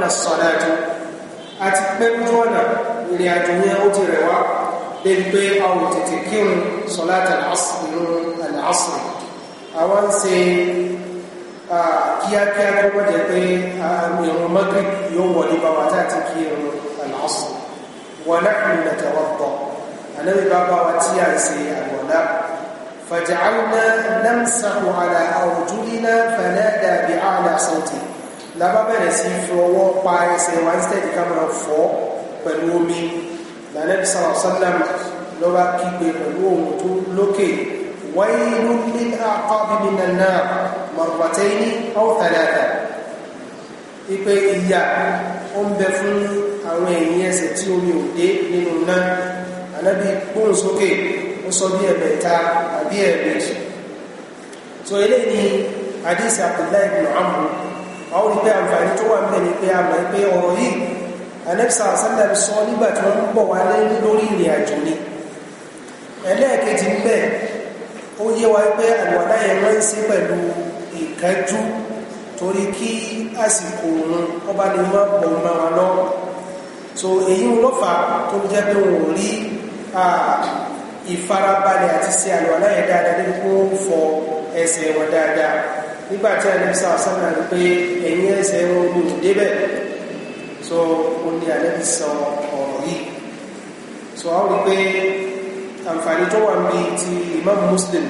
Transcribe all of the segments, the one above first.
ọ̀nà sọ̀nà àjò àti pé lójú ọ̀nà ìrìn àjò yẹn ó ti rẹ̀ wá débi pé a ò tètè kírun sọ̀lá àtàlásì àwọn ṣe kíákíá tó wọ́n jẹ́ pé àmì ìrun magrib yóò wọlé bá wa táà ti kí ìrun àlásì wọ́n náà natawadda bá bá wa tí a ṣe àwọ̀lá فجعلنا نمسح على أرجلنا فنادى بأعلى صوته lábá bẹ̀rẹ̀ sí fi ọwọ́ pa ẹsẹ̀ wa instead ká máa fọ́ pẹ̀lú omi lànàbí sàlọ̀ sàlám lọ́ba kígbe pẹ̀lú ohun tó lókè wáyé ló ní àkọ́bí mi nàná mọ̀rọ̀bàtẹ́ ní ọ̀tàlàtà ipe ìyà ó ń bẹ fún àwọn ẹ̀yìn ẹsẹ̀ tí omi ò dé nínú náà ànábì gbóhùn sókè ó sọ bí ẹ̀mẹ̀ta àbí ẹ̀mẹ̀jì so eléyìí ni hadith Abdullahi ibn a ó àǹfààní tó wà ń bẹ̀ ni pé a pé ọ̀rọ̀ yìí anẹ́bísà sálẹ̀ sọ nígbà tí wọ́n bọ̀ wá lórí ìrìn àjò ni ẹlẹ́ẹ̀kejì ń bẹ̀ ó yé wa pé àlùwàlá yẹn máa so èyí ń lọ́fà tó jẹ́ pé rí ìfarabalẹ̀ nígbà tí ànábì sá sánà rí pé ẹ̀yìn ẹsẹ̀ wọn ló ń débẹ̀ so ó ní ànábì sọ ọ̀rọ̀ yìí so a rí pé àǹfààní tó wà níbi ti imam muslim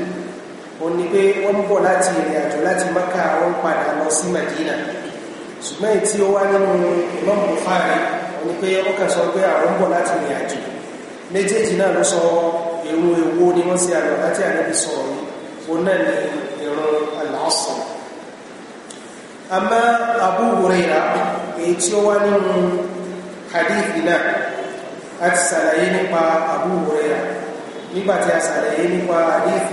ó ní pé wọ́n ń bọ̀ láti ìrìn àjò láti maka wọ́n padà lọ sí madina ṣùgbọ́n èyí tí ó wá nínú imam bukhari ó ní pé ó kà sọ pé àwọn ń bọ̀ láti ìrìn àjò méjèèjì náà ló sọ èrò èwo ni wọ́n ṣe àlọ́ láti ànábì sọ̀rọ̀ yìí onáni ìrun al-asr àmọ́ Abu Hurairah èyí tí ó wá nínú hadith náà a ti sàlàyé nípa Abu Hurairah nígbàtí a sàlàyé nípa hadith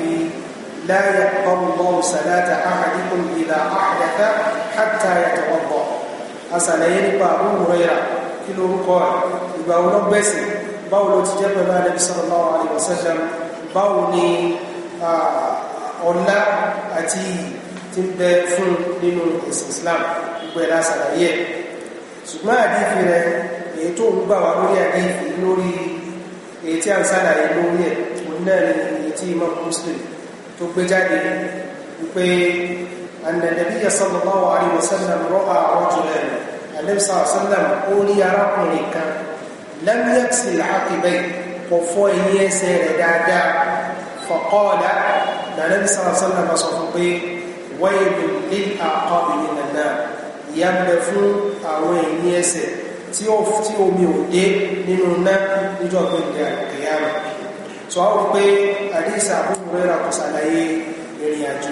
la yaqbalu Allahu salata ahadikum idha ahdatha hatta yatawadda a sàlàyé nípa Abu Hurairah kí lórúkọ ìgbà olóògbẹ̀sì báwo ló ti jẹ́ pẹ̀lú Ànábì sallallahu alaihi wasallam báwo ni ọlá àti tí ń bẹ fún nínú ẹ̀sìn Islam gbogbo ẹ̀dá sàlàyé ẹ̀ ṣùgbọ́n àdífi rẹ èyí tó ń gbà wá lórí àdífi lórí èyí tí a ń sàlàyé lórí ẹ̀ òun náà ni èyí tí Imam Muslim tó gbé jáde wípé anàdàbíyà sallallahu alaihi wasallam rọ́à rajulan alẹ́bísà sallam ó rí arákùnrin kan lam yaghsil kò fọ ẹ̀yìn ẹsẹ̀ rẹ̀ dáadáa fọ̀kọ́ọ̀dá nàdẹ́bí sàrásánà bá sọ fún pé wáyébù ní àkọ́ ìrìnà náà ìyá ń bẹ fún àwọn ẹ̀yìn ẹsẹ̀ tí omi ò dé nínú náà níjọ́ pé ní àkẹyàmà so a wọ́n pé àdísà àbúrò rẹ̀ kò sàlàyé ìrìn àjò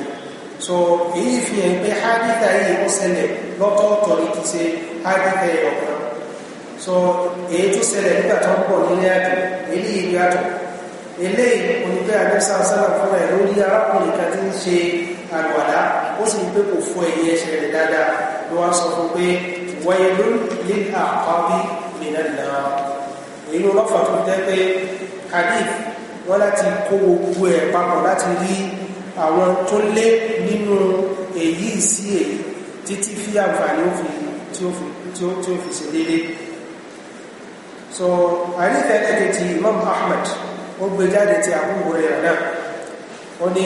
so èyí fi hàn pé hádìtà yìí ó ṣẹlẹ̀ lọ́tọ̀ọ̀tọ̀ ní kìí ṣe hádìtà ẹ̀yọ̀kan so èyí tó ṣẹlẹ̀ nígbà tó ń bọ̀ nílé àjò eléyìí ni àtọ̀ eléyìí onífẹ́ àdẹ́sà sálà fúnra ẹ̀ lórí arákùnrin kan tí ń ṣe àgbàdá ó sì ń pé kò fọ ẹ̀yìn ẹsẹ̀ rẹ̀ dáadáa ló wá sọ fún pé wáyé ló lé àkọ́bí mìíràn náà èyí ló lọ́fà tó jẹ́ pé hadith wọ́n láti kó gbogbo ẹ̀ papọ̀ láti rí àwọn tó lé nínú èyí sí èyí títí fi àǹfààní tí ó fi ṣe déédéé so hadith ẹ̀ẹ́dẹ́gbẹ̀tì Imam Ahmad ó gbé jáde ti Abu Hurairah náà ó ní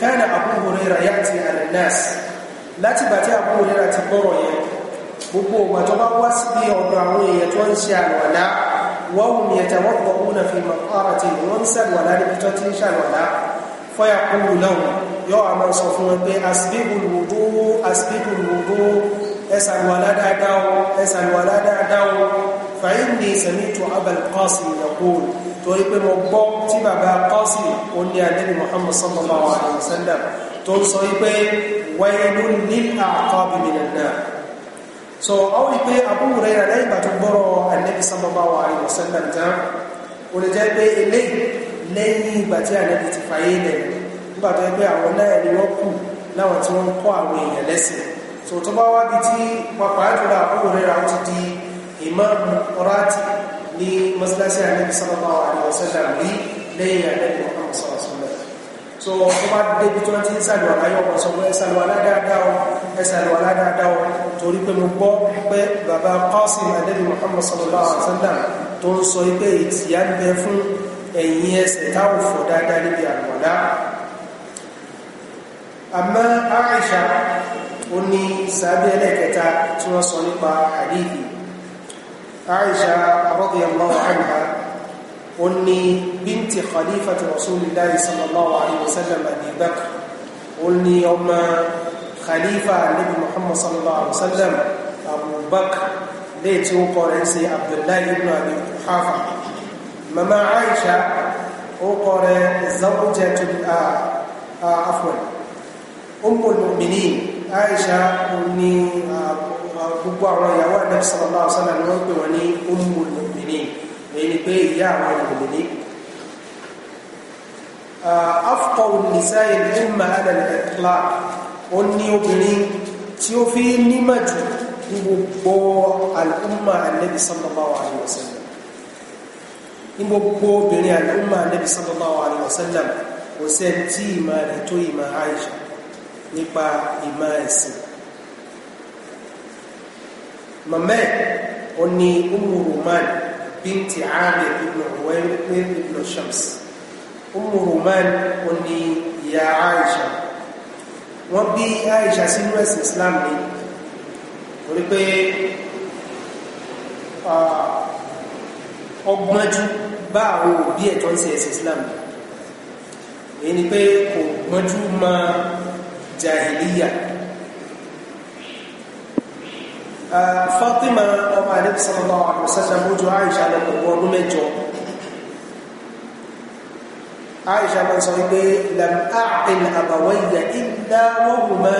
kana Abu Hurairah ya'ti al-nas láti gbà tí Abu Hurairah ti bọ́rọ̀ yẹn gbogbo ìgbà tó bá wá sí ọ̀dọ̀ àwọn èèyàn tó ń ṣe àlọ́lá wọ́n yatawadda'una fi maqarati wọ́n ń ṣàlọ́lá níbi tó ti ń ṣàlọ́lá fayaqulu lahum yọ́ a máa sọ fún wọn pé asbigul wudu asbigul wudu ẹsàlùwàlá dáadáa ẹsàlùwàlá dáadáa fa inni sami'tu Abal Qasim yaqulu torí pé mo gbọ́ tí bàbá kọ́sì ó ní ànábì muhammad sallallahu alayhi wa sallam tó ń sọ wípé waylun lil a'qabi minan nar so ọ wípé Abu Hurairah lẹ́yìn ìgbà tó gbọ́rọ̀ ànábì sallallahu alayhi wa sallam tán ó lè jẹ́ pé eléyìí lẹ́yìn ìgbà tí ànábì ti fàyè lẹ̀ nígbà tó yẹ pé àwọn náà ni wọ́n kù láwọn tí wọ́n kọ́ àwọn èèyàn lẹ́sìn so tó bá wá bí tí pàpàá jùlọ Abu Hurairah ó ti di ìmáàmù rátì ní mọ́síláṣí àrẹ́bí sallallahu alaihi wasallam rí lẹ́yìn àrẹ́bí Muhammad sallallahu alaihi wasallam so wọ́n bá débi tí wọ́n ti ń sàlùwà láyé ọkọ̀ sọ pé ẹsàlùwà ládáadáa ọ ẹsàlùwà ládáadáa ọ torí pé mo gbọ́ pé bàbá Qasim àrẹ́bí Muhammad sallallahu alaihi wasallam tó ń sọ pé ìtìyà ń bẹ fún ẹ̀yìn ẹsẹ̀ táwọn fọ̀ dáadáa níbi àlùwàlá àmọ́ Aisha ó ní sàbẹ̀ ẹlẹ́kẹta tí wọ́n sọ hadithi عائشة رضي الله عنها أني بنت خليفة رسول الله صلى الله عليه وسلم أبي بكر أني يوم خليفة النبي محمد صلى الله عليه وسلم أبو بكر ليت وقرنسي عبد الله بن أبي قحافة مما عائشة وقر زوجة عفوا أم المؤمنين عائشة أني gbogbo àwọn ìyàwó Ànábì sallallahu alaihi wasallam ni wọ́n pè wọ́n ní ummul mu'minin èyí ni pé ìyá àwọn mu'minin afqahu nisa'i al-umma ala al-itlaq ó ní obìnrin tí ó fi nímọ̀ jù gbogbo al-umma Ànábì gbogbo obìnrin al-umma Ànábì kò sẹ́ni tí ìmọ̀ rẹ̀ tó ìmọ̀ Àìṣà nípa ìmọ̀ ẹ̀sìn màmá ẹ̀ ó ní umu roman binti amir ibn uwaimir ibn shams umu roman ó ní ìyá aisha wọ́n bí aisha sínú ẹ̀sìn islam ni torí pé ọgbọ́njú bá àwọn òbí ẹ̀tọ́ sí ẹ̀sìn islam ni pé kò gbọ́njú máa jahiliya Fatima ọmọ àdébí sallallahu alaihi wasallam mójú Aisha lọ gbogbo ọdún mẹ́jọ Aisha lọ sọ wípé lam a'qil abawayya illa wa huma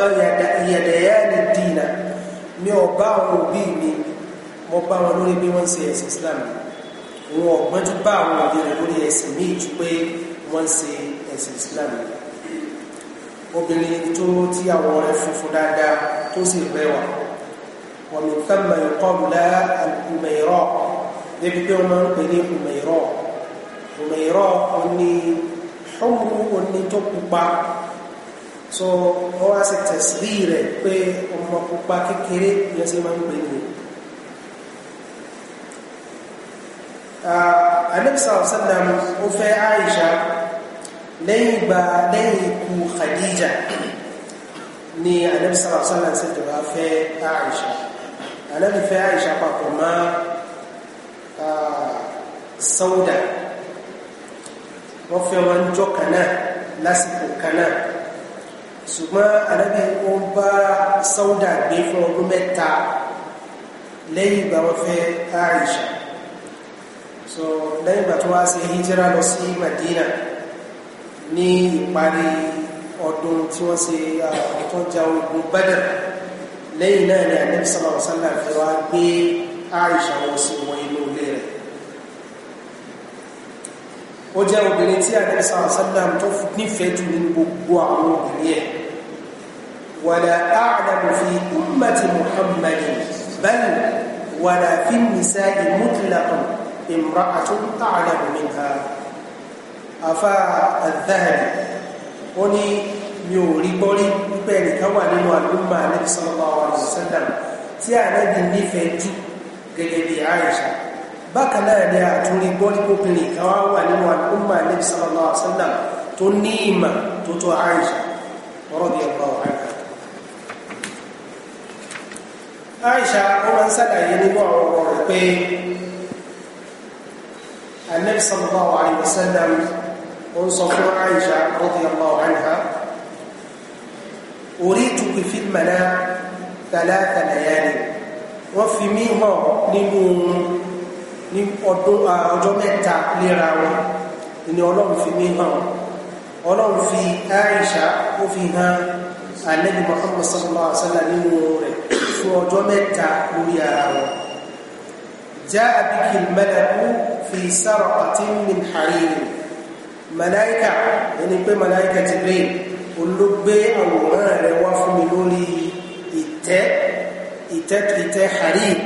yadayani dina mi ò bá àwọn òbí mi mo bá wọn lórí bí wọ́n ṣe ẹ̀sìn obìnrin tó tí àwọn ọ̀rẹ́ funfun dáadáa tó sì rẹwà. ومن ثم يقال لها الأميراء débi pé wọn máa ń pè ní ọmọọrọ ọmọọrọ òní xọmù òní tó pupa so wọn wá sí tẹsílì rẹ pé ọmọ pupa kékeré yẹn sì máa ń pè ní. anabisa ọsàdàm ó fẹ́ Aisha lẹ́yìn ìgbà lẹ́yìn ikú Khadija ni anabisa ọsàdàm sì tó bá fẹ́ Aisha ànábì fẹ́ àìṣà papọ̀ mọ́ Sauda wọ́n fẹ́ wọn jọ kan náà lásìkò kan náà ṣùgbọ́n ànábì ó ń bá Sauda gbé fún ọdún mẹ́ta lẹ́yìn ìgbà wọ́n fẹ́ àìṣà so lẹ́yìn ìgbà tó wá sí hijira lọ sí Madina ní ìparí ọdún tí wọ́n ṣe àtọ́jà ogun Badr lẹ́yìn náà ni ànábì sallallahu alaihi wasallam fi wá gbé Àìṣà wọn sí wọ inú ilé rẹ̀ ó jẹ́ obìnrin tí ànábì sallallahu alaihi wasallam tó nífẹ̀ẹ́ jù nínú gbogbo àwọn obìnrin ẹ̀ wala a'lamu fi ummati muhammadin bal wala fi nisa'i mutlaqan imra'atun a'lamu minha afa adh-dhahabi ó ní mi ò rí gbọ́rí wípé ẹnìkan wà nínú àdúgbò ànábì sallallahu alaihi wasallam tí ànábì nífẹ̀ẹ́ jù gẹ́gẹ́ bí Àìṣà bákan náà ni àtúrí gbọ́rí kókìnrin kan wá wà nínú àdúgbò ànábì sallallahu alaihi wasallam tó ní ìmọ̀ tó tó Àìṣà radiyallahu anha Àìṣà ó máa ń sàlàyé nínú ọ̀rọ̀ rẹ̀ pé ànábì sallallahu alaihi wasallam ó ń sọ fún Àìṣà radiyallahu anha أريتك في المنام ثلاث ليالي وفي ميما ننوم ní ọdún ọjọ́ mẹ́ta léra wọn ni ọlọ́run fi mí hàn ọlọ́run fi Aisha ó fi hàn Ànábì Muhammad sallallahu alaihi wasallam nínú rẹ̀ fún ọjọ́ mẹ́ta lórí ara wọn jaa biki al-malaku fi saraqatin min harir màláíkà ẹni pé màláíkà Jibril olóògbé àwòrán rẹ̀ wá fún mi lórí ìtẹ́ ìtẹ́ ìtẹ́ harim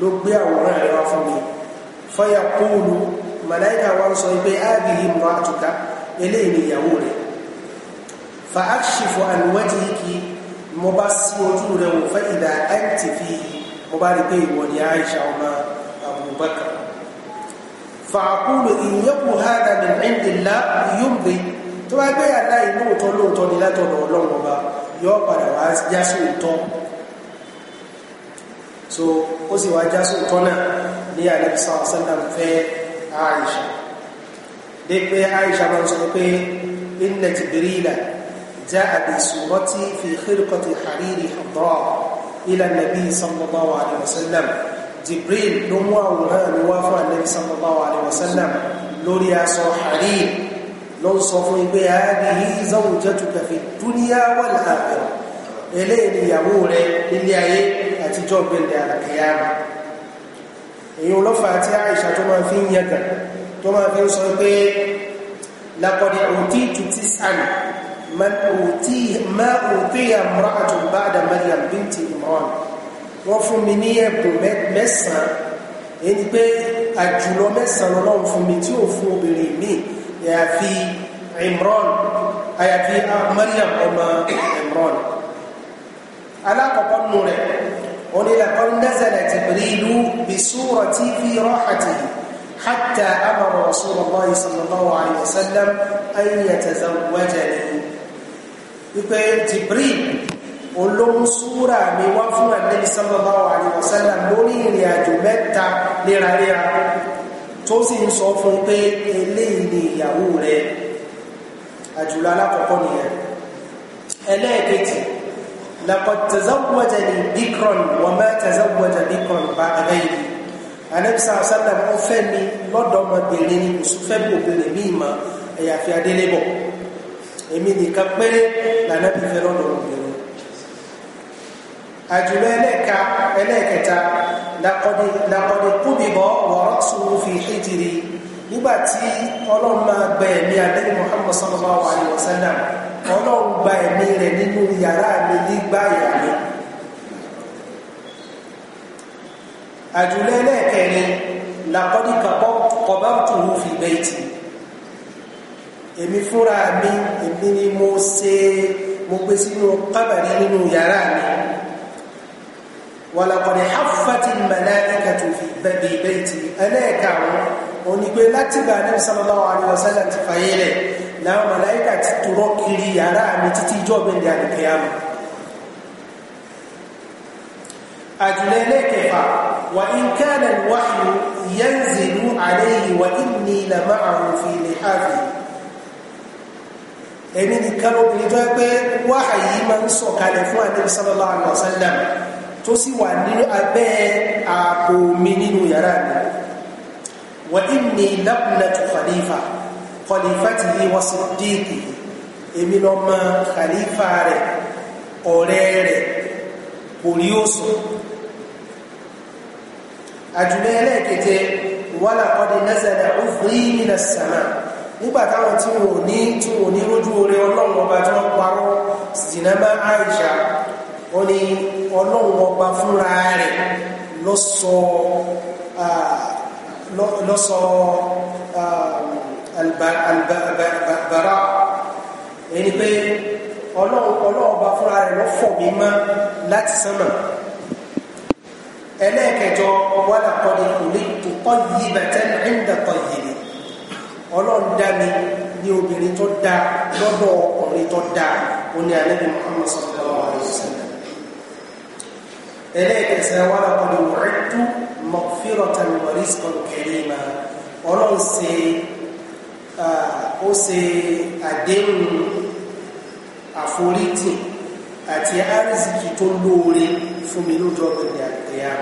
ló gbé àwòrán rẹ̀ wá fún mi fọ́yà kóòlù màláìkà wá ń sọ pé ábì yìí mọ́ àtúkà eléyìí ni ìyàwó rẹ̀ fa akshifu an wajhiki mo bá sí ojú rẹ̀ wò fẹ́ ìdá anti fi mo bá rí pé ìwọ ni Aisha ọmọ Abubakar fa aqulu in yakun hadha min indillah tó bá gbé yàrá ìlóòótọ́ lóòótọ́ ni látọ̀dọ̀ ọlọ́run ọba yọ padà wá jásù ìtọ́ so ó sì wá jásù ìtọ́ náà ní ànábì sallallahu alaihi wasallam fẹ́ Aisha dé pé Aisha máa ń sọ pé inna Jibrila ja'a bi surati fi khirqati hariri hadra ila nabi sallallahu alaihi wasallam Jibril ló mú àwòrán mi wá fún ànábì sallallahu alaihi wasallam lórí aṣọ hariri ló ń sọ fún igbe àádìí zawjatuka fi dunya wal akhirah eléyìí ni ìyàwó rẹ nílé ayé àtijọ́ gbẹ̀ndẹ̀ àlàkìyàmà èyí olófà àti àìṣà tó máa fi ń yẹgàn tó máa fi ń sọ pé laqad utitu tis'an man utiya ma utiya imra'atun ba'da Maryam binti Imran wọ́n fún mi ní ẹ̀bùn mẹ́sàn-án èyí pé àjùlọ mẹ́sàn-án lọ́wọ́ fún mi tí ò fún obìnrin míì àyàfi Imran àyàfi Maryam ọmọ Imran alákọ̀ọ́kọ́ nù rẹ̀ wọ́n ní laqad nazala Jibrilu bi surati fi rahatihi حتى أمر رسول الله صلى الله عليه وسلم أن يتزوجني يقول جبريل ولم سورة من وفو النبي صلى الله عليه وسلم مني يا جمتا لرعيا tó sì ń sọ fún pé eléyìí ni ìyàwó rẹ àjùlọ alákọ̀ọ́kọ́ nìyẹn ẹlẹ́ẹ̀kejì laqad tazawwajani bikran wa ma tazawwaja bikran ba'da ghayri anabisa asalam ọfẹ mi lọ́dọ̀ọmọbìnrin ni mùsùlùmí obìnrin mi ma ẹyàfi adélébọ èmi nìkan péré lànà bí fẹ lọ́dọ̀ọmọbìnrin àjùlọ ẹlẹ́ẹ̀ka ẹlẹ́ẹ̀kẹta lakọ̀dé lakọ̀dé kúbìbọ̀ wọ̀rọ̀ sùúrù fi hijiri nígbà tí ọlọ́run máa gba ẹ̀mí abẹ́rẹ́ muhammad sallallahu alayhi wa sallam ọlọ́run gba ẹ̀mí rẹ̀ nínú yàrá mi nígbà ìyàwó àjùlọ ẹlẹ́ẹ̀kẹrin lakọ̀dé kọ̀bọ̀tùrù fi bẹ́ẹ̀tì èmi fúnra mi èmi ni mo ṣe mo gbé sínú kábàrí nínú yàrá mi wàlàkọ̀dẹ̀ hafati mẹ́lẹ́kẹ̀tù fi bẹ̀bẹ̀ ìbẹ̀tì ẹlẹ́ẹ̀kàrún òní pé látìgbà ní sallallahu alaihi wasallam ti fàyè rẹ̀ láwọn mẹ́lẹ́kà ti tọrọ kiri yàrá mi títí ijọ́ bẹ̀rẹ̀ àdìkẹ́yàmù àjùlẹ̀ ẹlẹ́ẹ̀kẹfà wà in kana al-wahyu yanzilu alayhi wa inni tó sì wà ní abẹ́ ààbò mi nínú yàrá mi wa inni labnatu khalifa khalifatihi wa siddiqihi èmi lọ́mọ khalifa rẹ̀ ọ̀rẹ́ rẹ̀ kò rí ó sọ àjùlẹ̀ ẹlẹ́ẹ̀kẹ́tẹ́ wala qad nazala ufri minas samaa nígbà táwọn tí wọn ò ní tí wọn ò ní rójú oore ọlọ́run ọba tí wọ́n parọ́ sinimá Aisha wọ́n ní ọlọ́run ọba fúnra rẹ̀ lọ́sọ lọ́sọ albara ẹni pé ọlọ́run ọba fúnra rẹ̀ lọ́fọ̀ mi mọ́ láti sánmà ẹlẹ́ẹ̀kẹjọ wàlá kọ́ni kùlé tó tọ́ yìí bàtẹ́ ní yìí ọlọ́run dá mi ní obìnrin tó dáa lọ́dọ̀ ọkùnrin tó dáa ó ní alẹ́ bí Muhammad sallallahu alayhi wa sallam. ẹlẹ́ẹ̀kẹsẹ̀ wà lápọ̀lẹ̀ wọ̀ẹ́tù mọ̀fírọ̀tà wọ̀rísìkọ̀ kẹrìmà ọlọ́run ṣe ó ṣe àdéhùn àforítì àti àrísìkì tó lóore fún mi lójọ́ ìrìn àgbéyà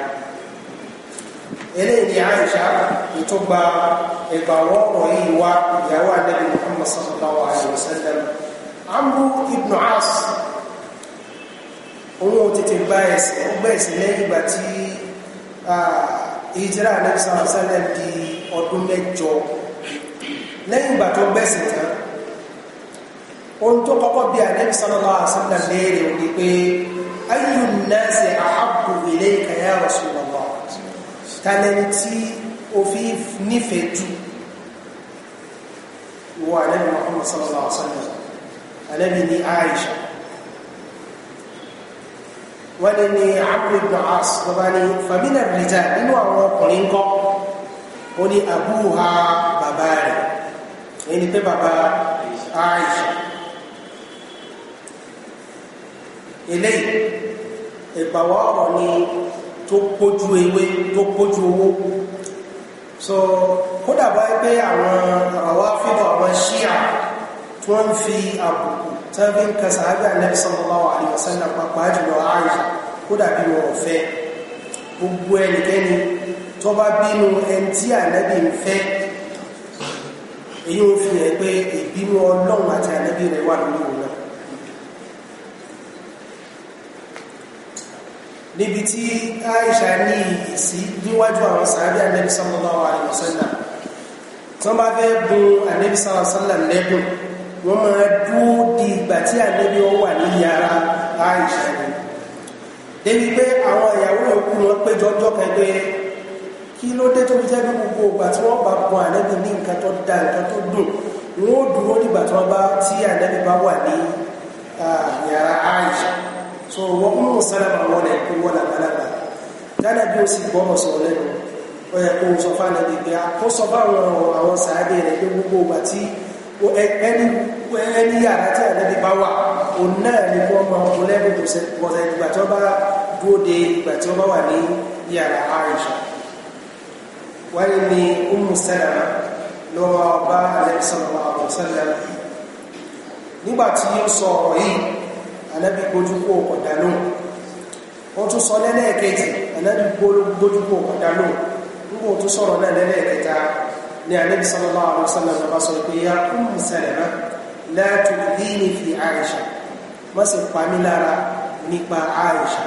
eléyìí ni àìṣà ètò gba ẹgbàwọ́ ọ̀rọ̀ yìí wá ìyàwó àdẹ́bí Muhammad sallallahu alayhi wa sallam amru ibn as òun ò tètè gba ẹ̀sìn ó gbẹ̀ ẹ̀sìn lẹ́yìn ìgbà tí ìjírà anẹ́bísà sẹ́lẹ̀ di ọdún mẹ́jọ lẹ́yìn ìgbà tó gbẹ̀sìn tán ohun tó kọ́kọ́ bí anẹ́bísà lọ́wọ́ àṣẹ́lẹ̀ léèrè ò ní pé ayyu nasi ahabbu ilayka ya Rasulullah tàlẹ́ni tí o fi nífẹ̀ẹ́ jù wọ anẹ́bí Muhammad sallallahu alaihi wasallam anẹ́bí ní Aisha wọ́n ní ní abdul as lọ́ba ní famina rita nínú àwọn ọkùnrin kọ́ ó ní abúha bàbá rẹ̀ ẹni pé bàbá aisha eléyìí ìgbàwọ́ ọ̀rọ̀ ni tó pójú ewé tó pójú owó so kódà bá pé àwọn àwọn afẹ́bọ̀ àwọn ṣíà tí ń fi àbùkù tí wọ́n fi ń kan sàábì ànábì sallallahu alaihi wasallam pàápàá jùlọ ààyè kódà bí wọn ò fẹ́ gbogbo ẹnikẹ́ni tó bá bínú ẹni tí ànábì ń fẹ́ èyí ń fi hàn pé ìbínú ọlọ́run àti ànábì rẹ̀ wà lórí òun náà níbi tí Aisha ní ìsí níwájú àwọn sàábì ànábì sallallahu alaihi wasallam tí fẹ́ bùn ànábì sallallahu alaihi wasallam wọ́n máa dúó di ìgbà tí ànábì ó wà ní yàrá Àìṣà ni débi pé àwọn ìyàwó òkú wọn péjọ ọjọ́ kẹgbẹ́ kí ló dé tó fi jẹ́ bí gbogbo ìgbà tí wọ́n bá bọ ànábì ní nǹkan tó da nǹkan tó dùn wọ́n ó dúró dìgbà tí wọ́n bá tí ànábì bá wà ní yàrá Àìṣà so wọ́n mú sálámà wọn ẹ̀ kó wọ́n làbálàbà dáadáa bí ó sì gbọ́ ọ̀sọ̀ lẹ́nu ó yẹ kó sọ fáwọn ẹni pé kó fáwọn àwọn sàádé rẹ̀ ẹni ẹni yàrá tí ànábì bá wà òun náà ni wọ́n máa kó tó ṣe pọ̀tẹ́ ìgbà tí wọ́n bá ìgbà tí wọ́n bá wà ní yàrá Àìṣà wáyé ni lọ́wọ́ bá ànábì sallallahu alaihi nígbà tí sọ ọ̀rọ̀ yìí gbójú kó lóhùn wọ́n tún sọ lẹ́lẹ́ẹ̀kejì gbójú kó lóhùn nígbà sọ̀rọ̀ náà ni anabi sallallahu alaihi wasallam bá sọ pé ya Umm Salama la tu'dhini fi Aisha má sì pa mí lára nípa Aisha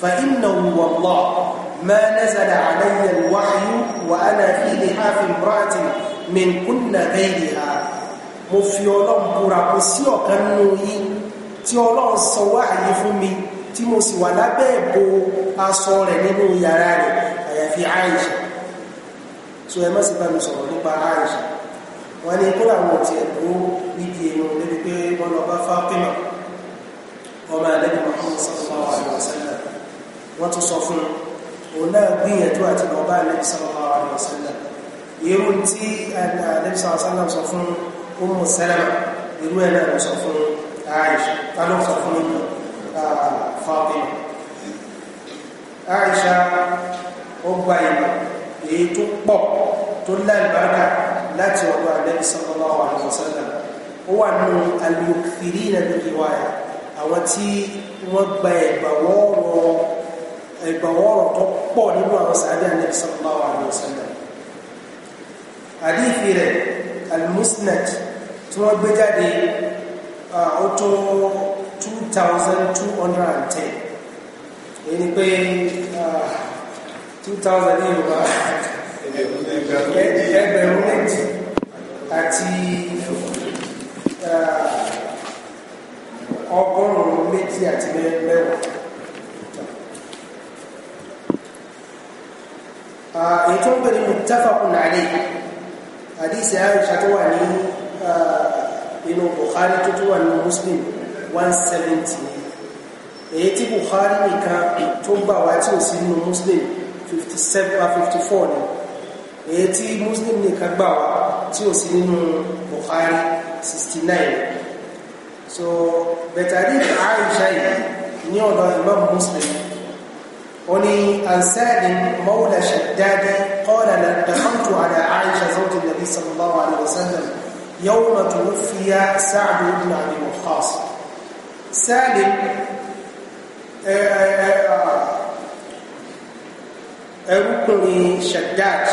fa innahu wallah ma nazala alayya al-wahyu wa ana fi lihafi imra'atin min kunna ghayriha mo fi ọlọ́run búra kò sí ọ̀kan nínú yín tí ọlọ́run sọ wáyé fún mi tí mo sì wà lábẹ́ ìbò aṣọ rẹ̀ nínú yàrá rẹ̀ àyàfi Aisha so ẹ má sì bá mi sọ̀rọ̀ nípa Aisha wọn ní kó làwọn ti ẹ̀kọ́ níbi èèyàn lẹ́bi pé wọn lọ bá Fatima ọmọ àlẹ́bí Muhammad sallallahu alaihi wasallam wọn tún sọ fún òun náà gbìyànjú àti lọ bá àlẹ́bí sallallahu alaihi wasallam irú tí àlẹ́bí sallallahu alaihi wasallam sọ fún Ummu Salama irú ó gba ìgbà èyí tó pọ̀ tó lálùbáríkà láti ọ̀dọ̀ ànábì sallallahu alaihi wasallam ó wà nù alùpùpìrì nàbí ìwáyà àwọn tí wọ́n gba ẹ̀gbàwọ́rọ̀ tó pọ̀ nínú àwọn sàádé ànábì sallallahu alaihi tí wọ́n gbé jáde ó 2210 èyí ni pé two thousand ní yorùbá ẹgbẹ̀rún méjì àti ọgọ́rùn-ún méjì àti mẹ́wàá. èyí tó ń pè ní muttafaqun alayhi àdìsí àìsà tó wà ní inú Bukhari tí Bukhari nìkan tó ń bà wá tí ò sí nínú Muslim fifty seven or uh, fifty four ni èyí tí muslim nìkan gbà wá tí ò sí nínú bukhari sixty so bẹ̀tàdí aisha yìí ní ọ̀dọ̀ imam muslim oni ansaadin mawla shaddadi qala la dakhaltu ala aisha zawji nabi sallallahu alaihi wasallam yawma tuwfiya sa'd ibn abi waqqas salim eh, eh, eh, ẹrúkùnrin shaddad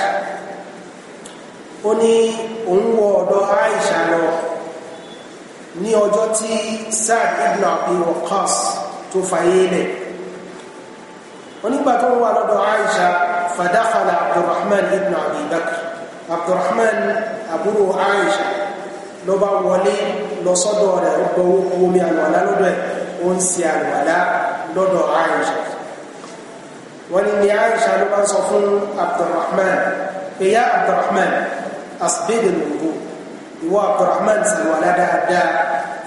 ó ní òun wọ ọ̀dọ̀ aisha lọ ní ọjọ́ tí Sa'd ibn Abi Waqqas tó fàyè lẹ̀ onígbà tó ń wà lọ́dọ̀ aisha fadakhala abdulrahman ibn Abi Bakr abdulrahman àbúrò aisha ló bá wọlé lọ sọ́dọ̀ rẹ̀ ó omi àlùwàlá lọ́dọ̀ ẹ̀ ó ń ṣe àlùwàlá lọ́dọ̀ aisha wọ́n ní ní Aisha ló bá ń sọ fún Abdulrahman ìyá Abdulrahman asibédè lòdò ìwọ Abdulrahman sàlùwàlá dáadáa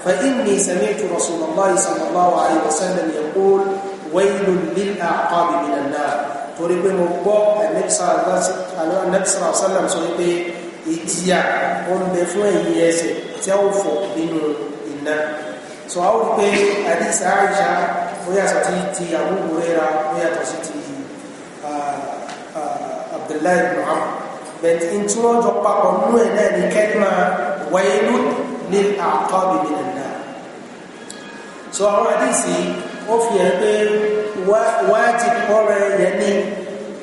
فإني سمعت رسول الله صلى الله عليه وسلم يقول ويل للأعقاب من النار torí pé mo gbọ́ Ànábì sallam sọ pé ìjìyà ó ń bẹ fún ẹ̀yìn ẹsẹ̀ tí a ó fọ̀ nínú iná so a ó rí pé àdìsá ó yàtọ̀ sí ti Abu Hurairah ó yàtọ̀ sí ti abdullahi ibn amr bẹ̀tì in tí wọ́n jọ papọ̀ nú ẹ̀ náà ní kẹ́lìmà wáyélú ní àkọ́bì ní ẹ̀dá so àwọn àdìsí ó fi hàn pé wáàtí kọ́ra yẹn ní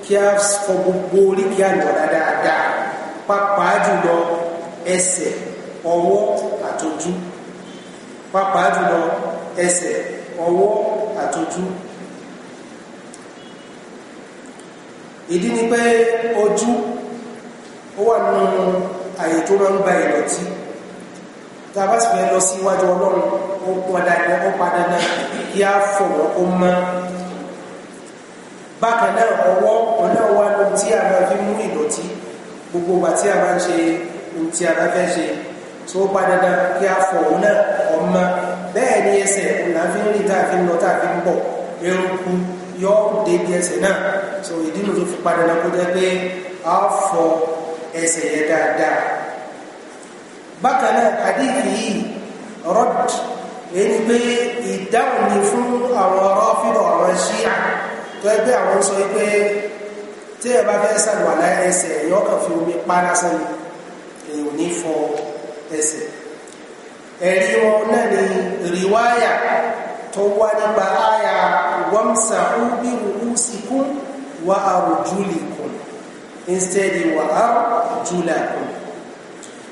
kí a fọ gbogbo orí kí a lọ dáadáa pàápàá jùlọ ẹsẹ̀ ọwọ́ àtọ́jú pàápàá jùlọ ẹsẹ̀ ọwọ́ àtọ́jú. ìdí ni pé ojú ó wà nínú àyè tó máa ń ba ìdọ̀tí tá a bá sì fẹ́ lọ sí iwájú ọlọ́run ó padà ní ó padà náà kí á fọwọ́ ó mọ́ bákan náà ọwọ́ ọ̀nà wa ló tí a máa fi mú ìdọ̀tí gbogbo ìgbà tí a máa ń ṣe ohun tí a máa fẹ́ ṣe tó padà náà kí á fọwọ́ náà ọmọ bẹ́ẹ̀ ni ẹsẹ̀ ọ̀nà fi ń rìn tá a fi ń lọ tá a fi ń bọ̀ eruku yọ débi ẹsẹ̀ náà so ìdí nù tó fi padà náà kó jẹ́ pé a fọ ẹsẹ̀ yẹn dáadáa bákan náà hadithi yìí rọ́d èyí pé ìdáhùn ni fún àwọn rọ́fìdọ̀ àwọn ṣíà tó ẹgbẹ́ àwọn sọ pé tí ẹ bá fẹ́ sàlùwàlá ẹsẹ̀ yóò kàn fi omi pa lásán ni èyí ò ní fọ ẹsẹ̀ ẹ̀rí wọn náà ni rìwáyà tó wá nípa àyà wọ́n sàkú bí wùú kún wa arjulikum instead wa arjulakum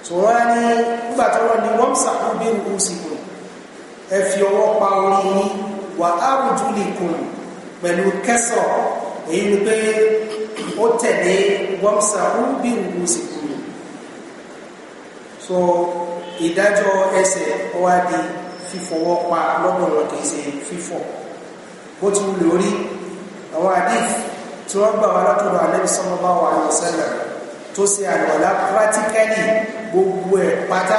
so wọ́n ní nígbà tó wọ́n ní wamsahu bi ru'usikum ẹ fi ọwọ́ pa orí yín wa arjulikum pẹ̀lú kẹsọ̀ èyí ni pé ó tẹ̀lé wamsahu bi ru'usikum so ìdájọ́ ẹsẹ̀ wá di fífọwọ́ pa lọ́gbọ̀n wọn kìí ṣe Fifo. bó ti wù lórí àwọn àdífì tí wọ́n gbà wá látọ̀dọ̀ Ànábì sallallahu alaihi wasallam tó ṣe àlùwàlá pírátíkẹ́lì gbogbo ẹ̀ pátá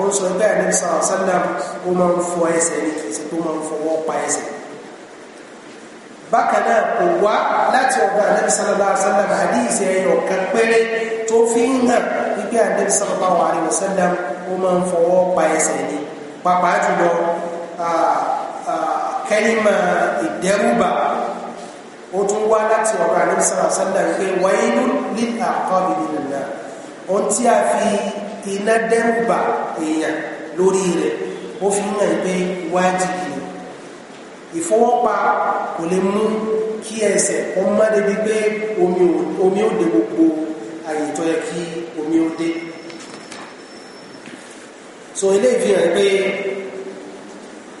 ó ń sọ ẹgbẹ́ Ànábì sallallahu alaihi wasallam ó máa ń fọ ẹsẹ̀ ní kìí ṣe pé ó máa ń fọwọ́ pa ẹsẹ̀ bákan náà kò wá láti ọ̀dọ̀ Ànábì sallallahu alaihi wasallam àdíyèsí ẹyọ kan péré tó fi ń hàn wípé Ànábì sallallahu alaihi wasallam ó máa ń o tún wá láti ọ̀rọ̀ àní sọ̀rọ̀ sọ́dà wípé wáyínú ní àkọ́bí nínú náà ohun tí a fi iná dẹ́rùbà èèyàn lórí rẹ̀ ó fi ń hàn pé wájìbì ìfọwọ́pa kò lè mú kí ẹsẹ̀ kó má débi pé omi ó dé gbogbo àyè tó yẹ kí omi ó dé so ilé ìfihàn pé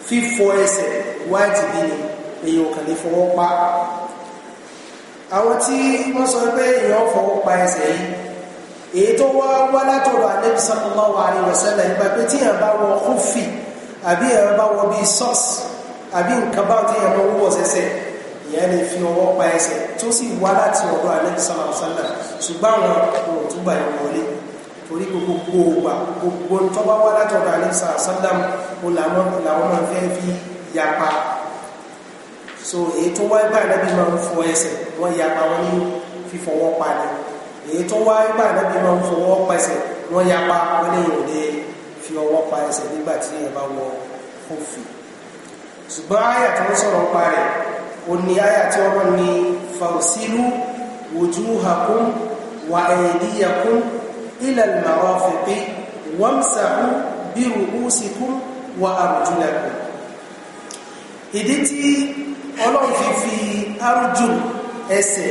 fífọ ẹsẹ̀ wájìbì ni èèyàn kàn lè fọwọ́ pa àwọn tí wọ́n sọ pé èèyàn fọwọ́ pa ẹsẹ̀ yìí èyí tó wá wá látọ̀dọ̀ Ànábì sallallahu alaihi wasallam nípa pé tí èèyàn bá wọ kúfì àbí èèyàn bá wọ bíi sọ́ọ̀sì àbí nǹkan bá tí èèyàn lọ́wọ́ wọ̀ sẹ́sẹ̀ ìyẹn lè fi ọwọ́ pa ẹsẹ̀ tó sì wá láti ọ̀dọ̀ Ànábì sallallahu ṣùgbọ́n àwọn ọ̀rọ̀ tó bá yẹn wọlé torí gbogbo ògbà gbogbo tó bá wá so èyí tó wá gbà nábì máa ń fọ ẹsẹ̀ wọ́n ya pa wọ́n ní fífọwọ́ pa ni èyí tó wá gbà nábì máa ń fọwọ́ pa ẹsẹ̀ wọ́n ya pa wọ́n ní ìròlé fi ọwọ́ pa ẹsẹ̀ nígbà tí ẹ bá wọ òfì ṣùgbọ́n àyà tó ń sọ̀rọ̀ pa rẹ̀ ó ní àyà tí ọ̀rọ̀ ní fàùsílù wujuhakum wa aydiyakum ila al-marafiqi wamsahu bi ru'usikum wa arjulakum ìdí tí ọlọ́run fi fi arújù ẹsẹ̀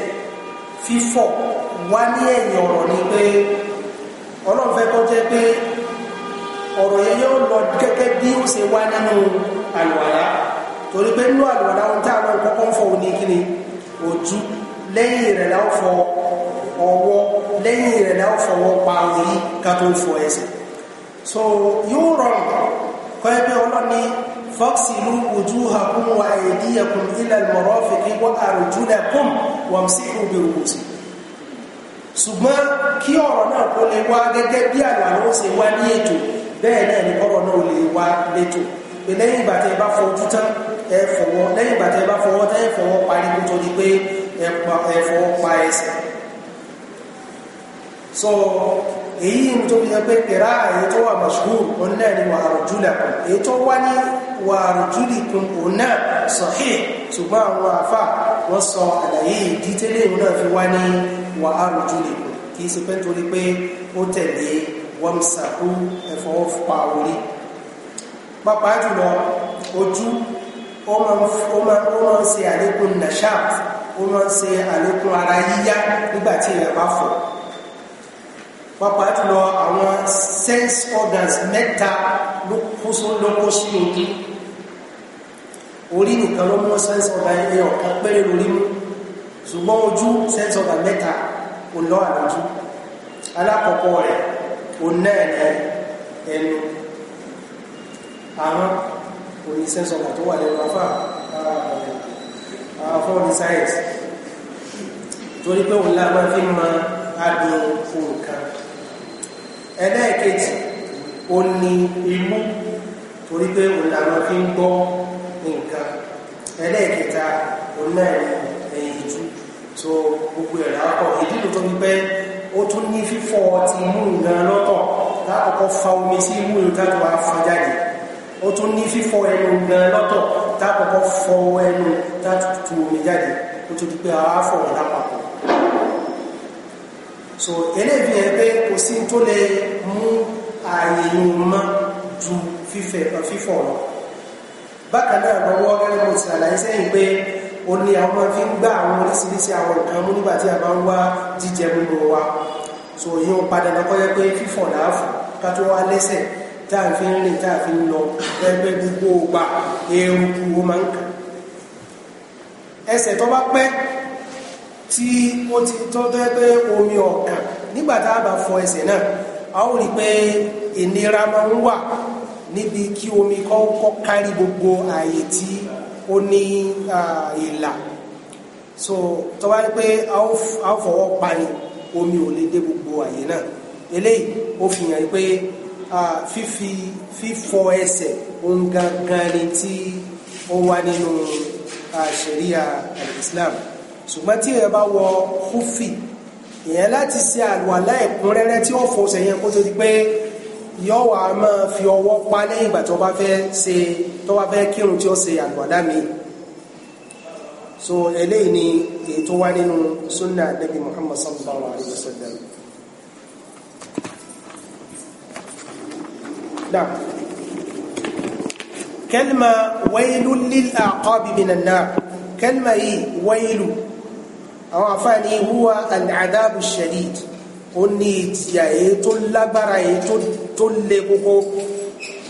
fífọ̀ wá ní ẹ̀yìn ọ̀rọ̀ ni pé ọlọ́run fẹ́ kọ́ jẹ́ pé ọ̀rọ̀ yẹn yóò lọ gẹ́gẹ́ bí ó ṣe wá nínú àlùwàlá torí pé nínú àlùwàlá ohun tí àwọn kọ́kọ́ ń fọ òní kí ni ojú lẹ́yìn rẹ̀ láwọ́ fọ ọwọ́ lẹ́yìn rẹ̀ láwọ́ fọwọ́ pa orí ká tó fọ ẹsẹ̀ so yóò rọrùn kọ́ ẹgbẹ́ ọlọ́ni فاغسلوا وجوهكم وأيديكم إلى المرافق وأرجلكم وامسحوا برؤوسكم ṣùgbọ́n kí ọ̀rọ̀ náà kó lè wá gẹ́gẹ́ bí àlànà ó ṣe wá ní ètò bẹ́ẹ̀ náà ni lè wá létò pé lẹ́yìn so èyí ni tó fi jẹ́ pé kẹrà èyí tó wà mashhur òun náà ni wà arjulakum èyí tó wá ní wà arjulikum òun náà sahih ṣùgbọ́n àwọn àfà wọ́n sọ àlàyé ìdítẹ́lẹ̀ òun náà fi wá ní wà arjulikum kì í ṣe pé nítorí pé ó tẹ̀lé wamsahu ẹ̀fọ́ orí pápá jùlọ ojú ó máa ń ṣe àlékún nashat ó máa ń ṣe àlékún ara yíyá nígbà tí èèyàn bá fọ̀ pàápàá jùlọ àwọn sense organs mẹ́ta ló kó sí ojú orí nìkan ló mú sense organ ẹyọ ọ̀kan péré lórí mú ṣùgbọ́n ojú sense organ mẹ́ta kò lọ àlójú alákọ̀ọ́kọ́ rẹ̀ kò náà ní ẹnu àwọn orí sense organ tó wà lẹ́nu afá afọ́ ní science torí pé òun lágbá fi máa adùn fún nǹkan ẹlẹ́ẹ̀kejì ó ní imú torí pé òun làwọn fi ń gbọ́ nǹkan ẹlẹ́ẹ̀kẹta òun náà ní ẹ̀yìn ìjú tó gbogbo ẹ̀rọ akọ ìdílù tó fi pẹ́ ó tún ní fífọ̀ ti imú ìran lọ́tọ̀ lákòókò fa omi sí imú ìran tó wá fa jáde ó tún ní fífọ̀ ẹnu ìran lọ́tọ̀ lákòókò fọ ẹnu tó tu omi jáde ó tún di pé àwọn lápapọ̀ so eléyìí ebe pé kò sí tó lè mú ààyè yìí mọ́ ju fífọ̀ lọ bákan náà lọ́wọ́ gẹ́gẹ́ mo ti àlàyé sẹ́yìn pé ní àwọn fi ń gbá àwọn oríṣiríṣi àwọn nǹkan mú nígbà tí a bá ń wá jíjẹ mímu wa so yíò padà lọ́kọ́ yẹ pé fífọ̀ láàfù ká tó wá tá fi ń rìn tá fi ń lọ gbogbo tí ó ti tọ́tọ́ pé omi ọ̀kàn nígbà tá a bá fọ ẹsẹ̀ náà a ó rí i pé ìnira máa ń wà níbi kí omi kọ́kọ́ kárí gbogbo ààyè tí ó ní ìlà so tó pé a ó fọwọ́ pani omi ò lè dé gbogbo ààyè náà eléyìí ó fi hàn pé fífi fífọ ẹsẹ̀ ohun gangan ni tí ó wà nínú ṣẹ̀ríà Islam ṣùgbọ́n tí èèyàn bá wọ húfì èèyàn láti ṣe àlùwàlá ẹ̀kúnrẹ́rẹ́ tí ó fọṣẹ yẹn kó tó di pé yọ wà á máa fi ọwọ́ pa lẹ́yìn ìgbà tó bá fẹ́ ṣe tó bá fẹ́ kírun tí ó ṣe àlùwàlá mi so eléyìí ni èyí tó wá nínú sunna nabi muhammad sallallahu alayhi wa sallam. نعم كلمة ويل للأعقاب من النار كلمة إيه ويل àwọn afáàní huwa al-adabu shadid ó ní ìtìyà èyí tó lágbára èyí tó le kókó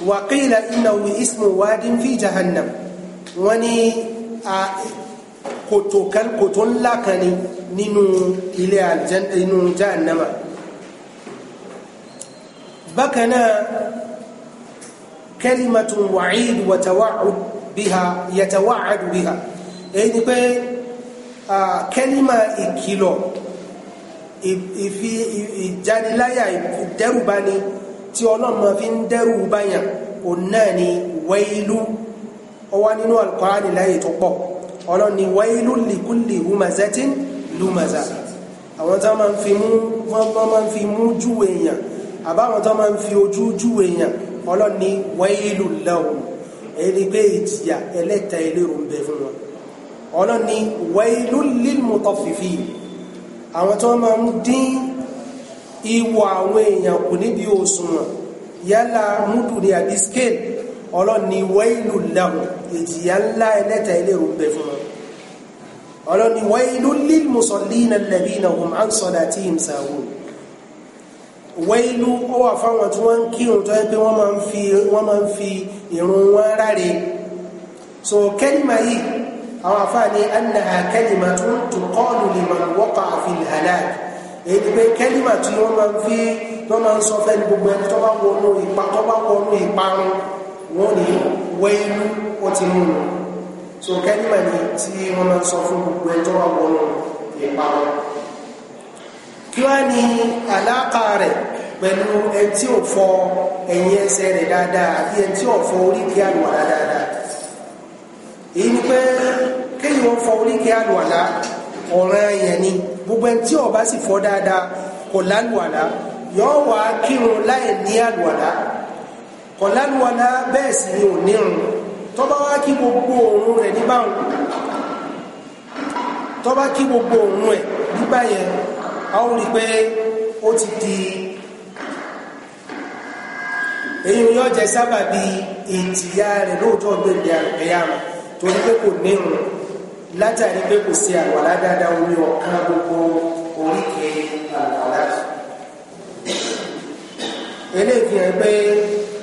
wa qila innahu ismu wadin fi jahannam wọ́n ní kòtò kan kòtò ńlá kan ni nínú ilé inú jahannama bákan náà kalimatun wa'id wa èyí ni pé Ah, kẹ́límà ìkìlọ̀ ìfi ìjániláyà ìdẹ́rùbani tí ọlọ́mọ fi ń dẹ́rùbáyà òun náà ni wailu ó wà nínú Al-Qur'ani láyé tó pọ̀ ọlọ́ni wailu likulli humazatin lumaza àwọn tó máa ń fi mú wọ́n máa ń fi jú èèyàn àbáwọn tó máa ń fi ojú jú èèyàn ọlọ́ni wailu lahum èyí ni pé ìjìyà ẹlẹ́ta ọlọ́run ni wailul lil mutaffifin àwọn tó máa ń dín ìwọ̀ àwọn èèyàn kù níbi òṣùwọ̀n yálà múdù ní àbí scale ọlọ́run ni wailul lahu ìjìyà ńlá ẹlẹ́ta ilé rúgbẹ fún wọn ni wailul lil musallina so kẹ́lìmà yìí àwọn afáàní anna kẹ́lìmà tó ń tó kọ́ọ̀lù lè máa wọ́pọ̀ àfihàn halak èyí ni pé kẹ́lìmà tí wọ́n máa fi wọ́n máa ń sọ fẹ́ni gbogbo ẹni tó bá wọnú ipa tó bá wọnú ìparun wọ́n ní wẹ́ẹ́lú ó ti mú un so kẹ́lìmà ni tí wọ́n máa ń sọ fún gbogbo ẹni tó bá wọnú ìparun kí wá ní àlákà rẹ̀ pẹ̀lú ẹni tí ò fọ ẹ̀yìn ẹsẹ̀ rẹ̀ dáadáa àbí ẹni tí ò fọ oríkì àlùwàlá dáadáa èyí ni pé kéyìn wọn fọ oríkèé àlùwàlá ni gbogbo ẹni tí fọ dáadáa kò lálùwàlá yọ wà á kírun láì ní àlùwàlá kò lálùwàlá bẹ́ẹ̀ sì ni ò wá kí gbogbo òun rẹ̀ ní tọ́ba gbogbo òun nígbà yẹn a rí pé ó ti di èyí jẹ sábàbí lóòótọ́ torí pé kò nírun látàrí pé kò sí àwàlá dáadáa orí ọ̀kan gbogbo oríkèé àwàlá eléyìí fi hàn pé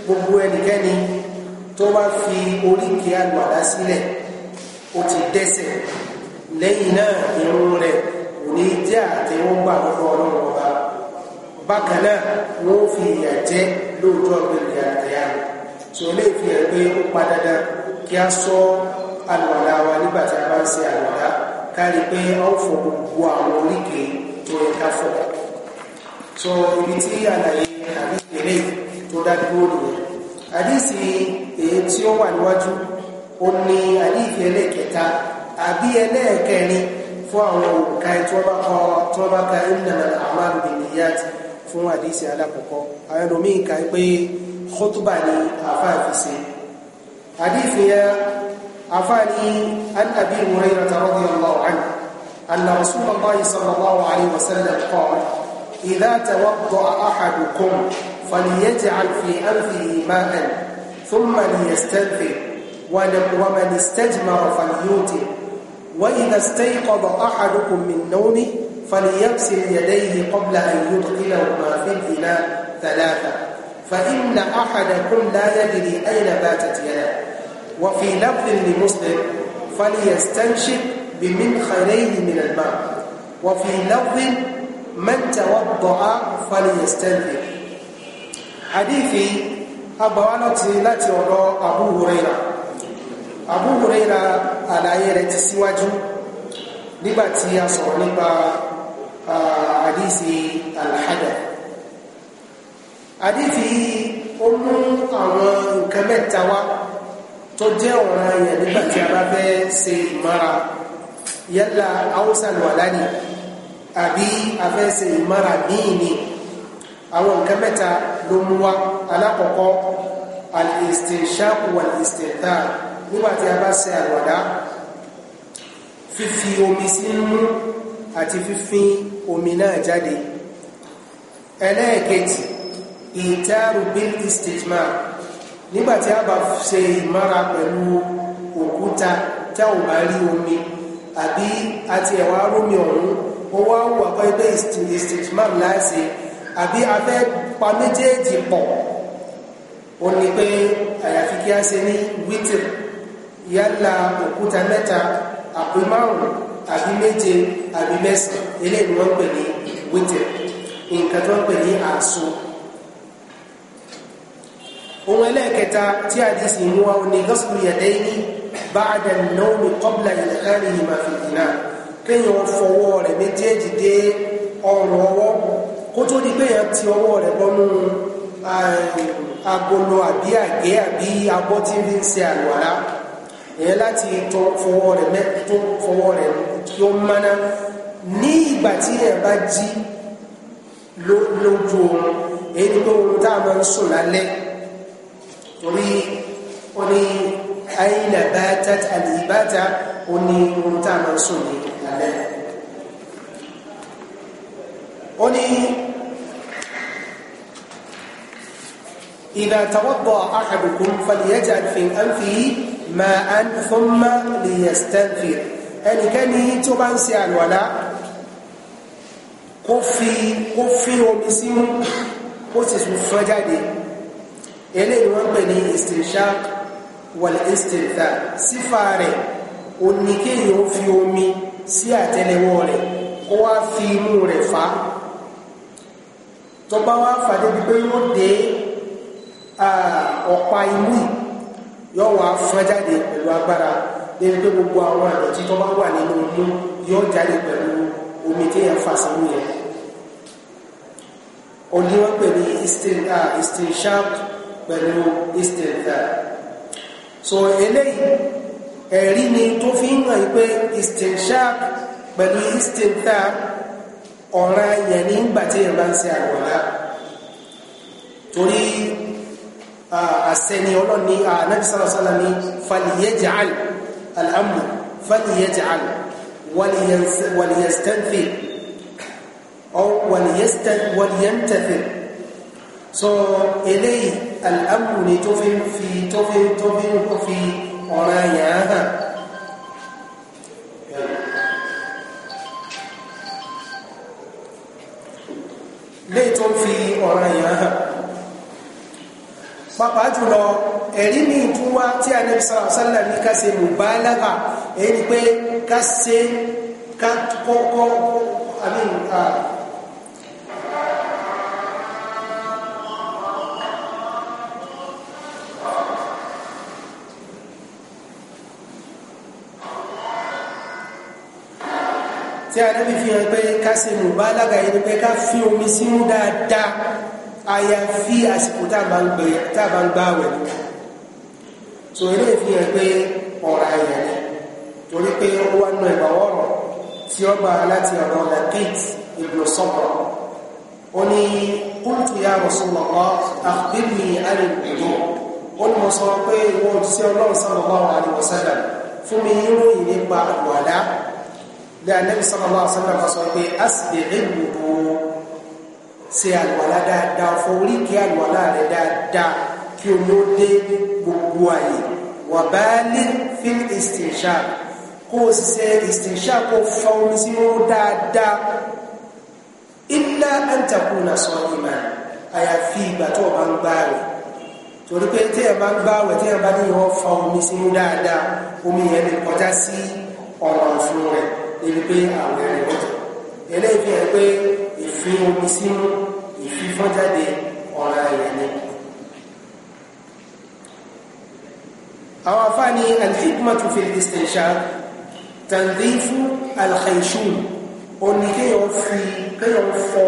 gbogbo ẹnikẹ́ni tó bá fi oríkèé àwàlá sílẹ̀ ó ti dẹ́ṣẹ̀ lẹ́yìn náà irun rẹ̀ kò ní jẹ́ àtẹ́wọ́gbà lọ́dọ̀ ọlọ́run ọba bákan náà wọ́n fi ìyà jẹ lóòótọ́ gbẹ̀gbẹ̀ àtẹ̀yà tí ó lè fi hàn pé ó pa dandan kí a sọ àlùwàlá wa nígbà tí a bá ń ṣe àlùwàlá kárí pé a ó fọ gbogbo àwọn oríkèé tó yẹ ká fọ so ibi tí àlàyé àbí ìpínlẹ̀ tó dájú nìyẹn àdìsí èyí tí ó wà níwájú ó ní àdìsí ẹlẹ́kẹta àbí ẹlẹ́ẹ̀kẹrin fún àwọn òǹkà tí wọ́n bá kọ tí wọ́n bá ka ìnànà àmàlù bìnnìyàt fún àdìsí alákọ̀ọ́kọ́ àwọn ẹlòmíín kà pé kótóbà ni àfáàfin ṣe àdìsí yẹn عفاني أن أبي هريرة رضي الله عنه أن رسول الله صلى الله عليه وسلم قال إذا توضأ أحدكم فليجعل في أنفه ماء ثم ليستنفر ومن استجمر فليوتر وإذا استيقظ أحدكم من نومه فليغسل يديه قبل أن يدخلهما في الإناء ثلاثة فإن أحدكم لا يدري أين باتت يداه وفي لفظ لمسلم فليستنشد بمن خيريه من الماء وفي لفظ من توضأ فليستنفر حديثي أبوانتي التي وراء أبو هريرة أبو هريرة على يرة سواجه نباتي أصر نبا حديثي الحدث حديثي أم أمان كمتوا tó jẹ́ ọ̀ràn ayẹ̀ nígbà tí a bá fẹ́ ṣe ìmára yálà haúsá lùwàlá ni àbí a fẹ́ ṣe ìmára míì ni àwọn nǹkan mẹ́ta ló mú wá alákọ̀ọ́kọ́ al-istinshaku wal-istinthar nígbà tí a bá ṣe àlùwàlá fífi omi sínú àti fífín omi náà jáde ẹlẹ́ẹ̀kejì ìtàrù bil istijmar nígbàtí a bá ṣe ìmára pẹ̀lú òkúta tí a ò bá rí omi àbí àti ẹ̀wà rómi ọ̀hún ó wá wà pé pé istismar láìsí àbí a fẹ́ pa méjèèjì pọ̀ ó ní pé àyàfi kí a ṣe ní wítìr yálà òkúta mẹ́ta àbí márùn àbí méje àbí mẹ́sàn-án eléyìí wọ́n pè ní wítìr nǹkan tó ń pè ní àsun ohun ẹlẹ́ẹ̀kẹta tí a ti sìn mú wa ní gọ́sùlù yàdẹ́yìn ba'da an-nawmi qabla idkhalihima fi al-ina kéèyàn fọwọ́ rẹ̀ méjèèjì dé ọrùn ọwọ́ kó tó di péèyàn ti ọwọ́ rẹ̀ bọ́nú eh, agolo àbí àgé àbí abọ́ tí ń ṣe àlùwàlá èèyàn láti tó fọwọ́ rẹ̀ mẹ́tò fọwọ́ rẹ̀ kí ó mọ́ná ní ìgbà tí èèyàn bá jí lójú oorun èyí ni pé oorun tá a máa ń sùn lálẹ́ torí ó ní àìnà bàtà àlìbàtà ó ní ohun tá a máa sùn ní alẹ́ ó ní إذا توضأ أحدكم فليجعل في أنفه ماء ثم ليستنفر ẹnì kẹ́ni tí ó bá ń ṣe àlùwàlá kó fi omi sínú kó sì sùn fún jáde eléyìí wọ́n pè ní istinshaq wal istintha sífà rẹ̀ oníkéyìí ó fi omi sí àtẹ́lẹwọ́ rẹ̀ kó wá fi imú rẹ̀ fà á tó bá wá fàdé bí pé yóò dé ọ̀pá imú yóò wá fún jáde pẹ̀lú agbára gbogbo àwọn àdọ̀tí tó bá wà nínú imú yóò jáde omi tí yẹn fà sínú yẹn. òní wọ́n pè ní istinshaq pẹ̀lú istinfa so eléyìí ẹ̀rí ni tó fi ń hàn pé istinshaq pẹ̀lú istinfa ọ̀ràn yẹn ní ìgbà tí yẹn bá ń ṣe àgbọ̀nrá torí àṣẹni ọlọ́ni ànábì sálásálá ní falyaj'al al-amr falyaj'al waliyastanfir ọ̀wọ̀lìyẹ́ntẹ̀fẹ̀ so eléyìí àmù ni tó fi fi tó fi tó fi tó fi ọ̀ràn yàn án hàn. léè tó fi ọ̀ràn yàn án hàn. pàápàá jùlọ ẹ̀rí mi tún wá tí a ní sọ̀rọ̀ sọ́lá ní ká ṣe mùbálàgà èyí ni pé ká ṣe ká kọ́kọ́ àmì uh, tí anábì fi hàn pé ká ṣe mùbálàgà yìí ni pé ká fi omi sínú dáadáa àyàfi àsìkò tá a bá ń gbà wẹ̀ so eléyìí fi hàn pé ọ̀rọ̀ ayẹ̀ ni torí pé ó wá nù ẹ̀bà wọ́rọ̀ tí ó gbà láti ọ̀rọ̀ lakit ibn Sabra ó ní qultu ya Rasulullah akhbirni àrùn ìdùn ó ní mo sọ pé ìwọ òjíṣẹ́ Ọlọ́run sallallahu alaihi wasallam fún mi yíròyìn nípa àlùwàlá lẹ́yìn sallallahu alaihi wasallam sọ pé asbi'i wudu ṣe àlùwàlá dáadáa fọ oríkèé àlùwàlá rẹ̀ dáadáa kí o ló dé gbogbo àyè wà bá ní fil istinshaq kó o sì ṣe istinshaq kó fa omi sí ó dáadáa illa an takuna sa'iman àyàfi ìgbà tó o bá ń gbá rẹ̀ torí pé tí ẹ bá ń bá wẹ̀ tí ẹ bá ní ìwọ fa omi sínú dáadáa omi yẹn lè kọjá sí ọ̀rọ̀ ọ̀fun rẹ̀ débi pé àwọn ẹ̀rẹ̀ bọ̀tọ̀ eléyìí fi hàn pé ìfi omi sínú ìfífọ́jáde ọ̀ràn ẹ̀yà ni. àwọn afáàní alhikmatu fi istinshaq tàndínfù alhaishun òní kéèyàn fi kéèyàn fọ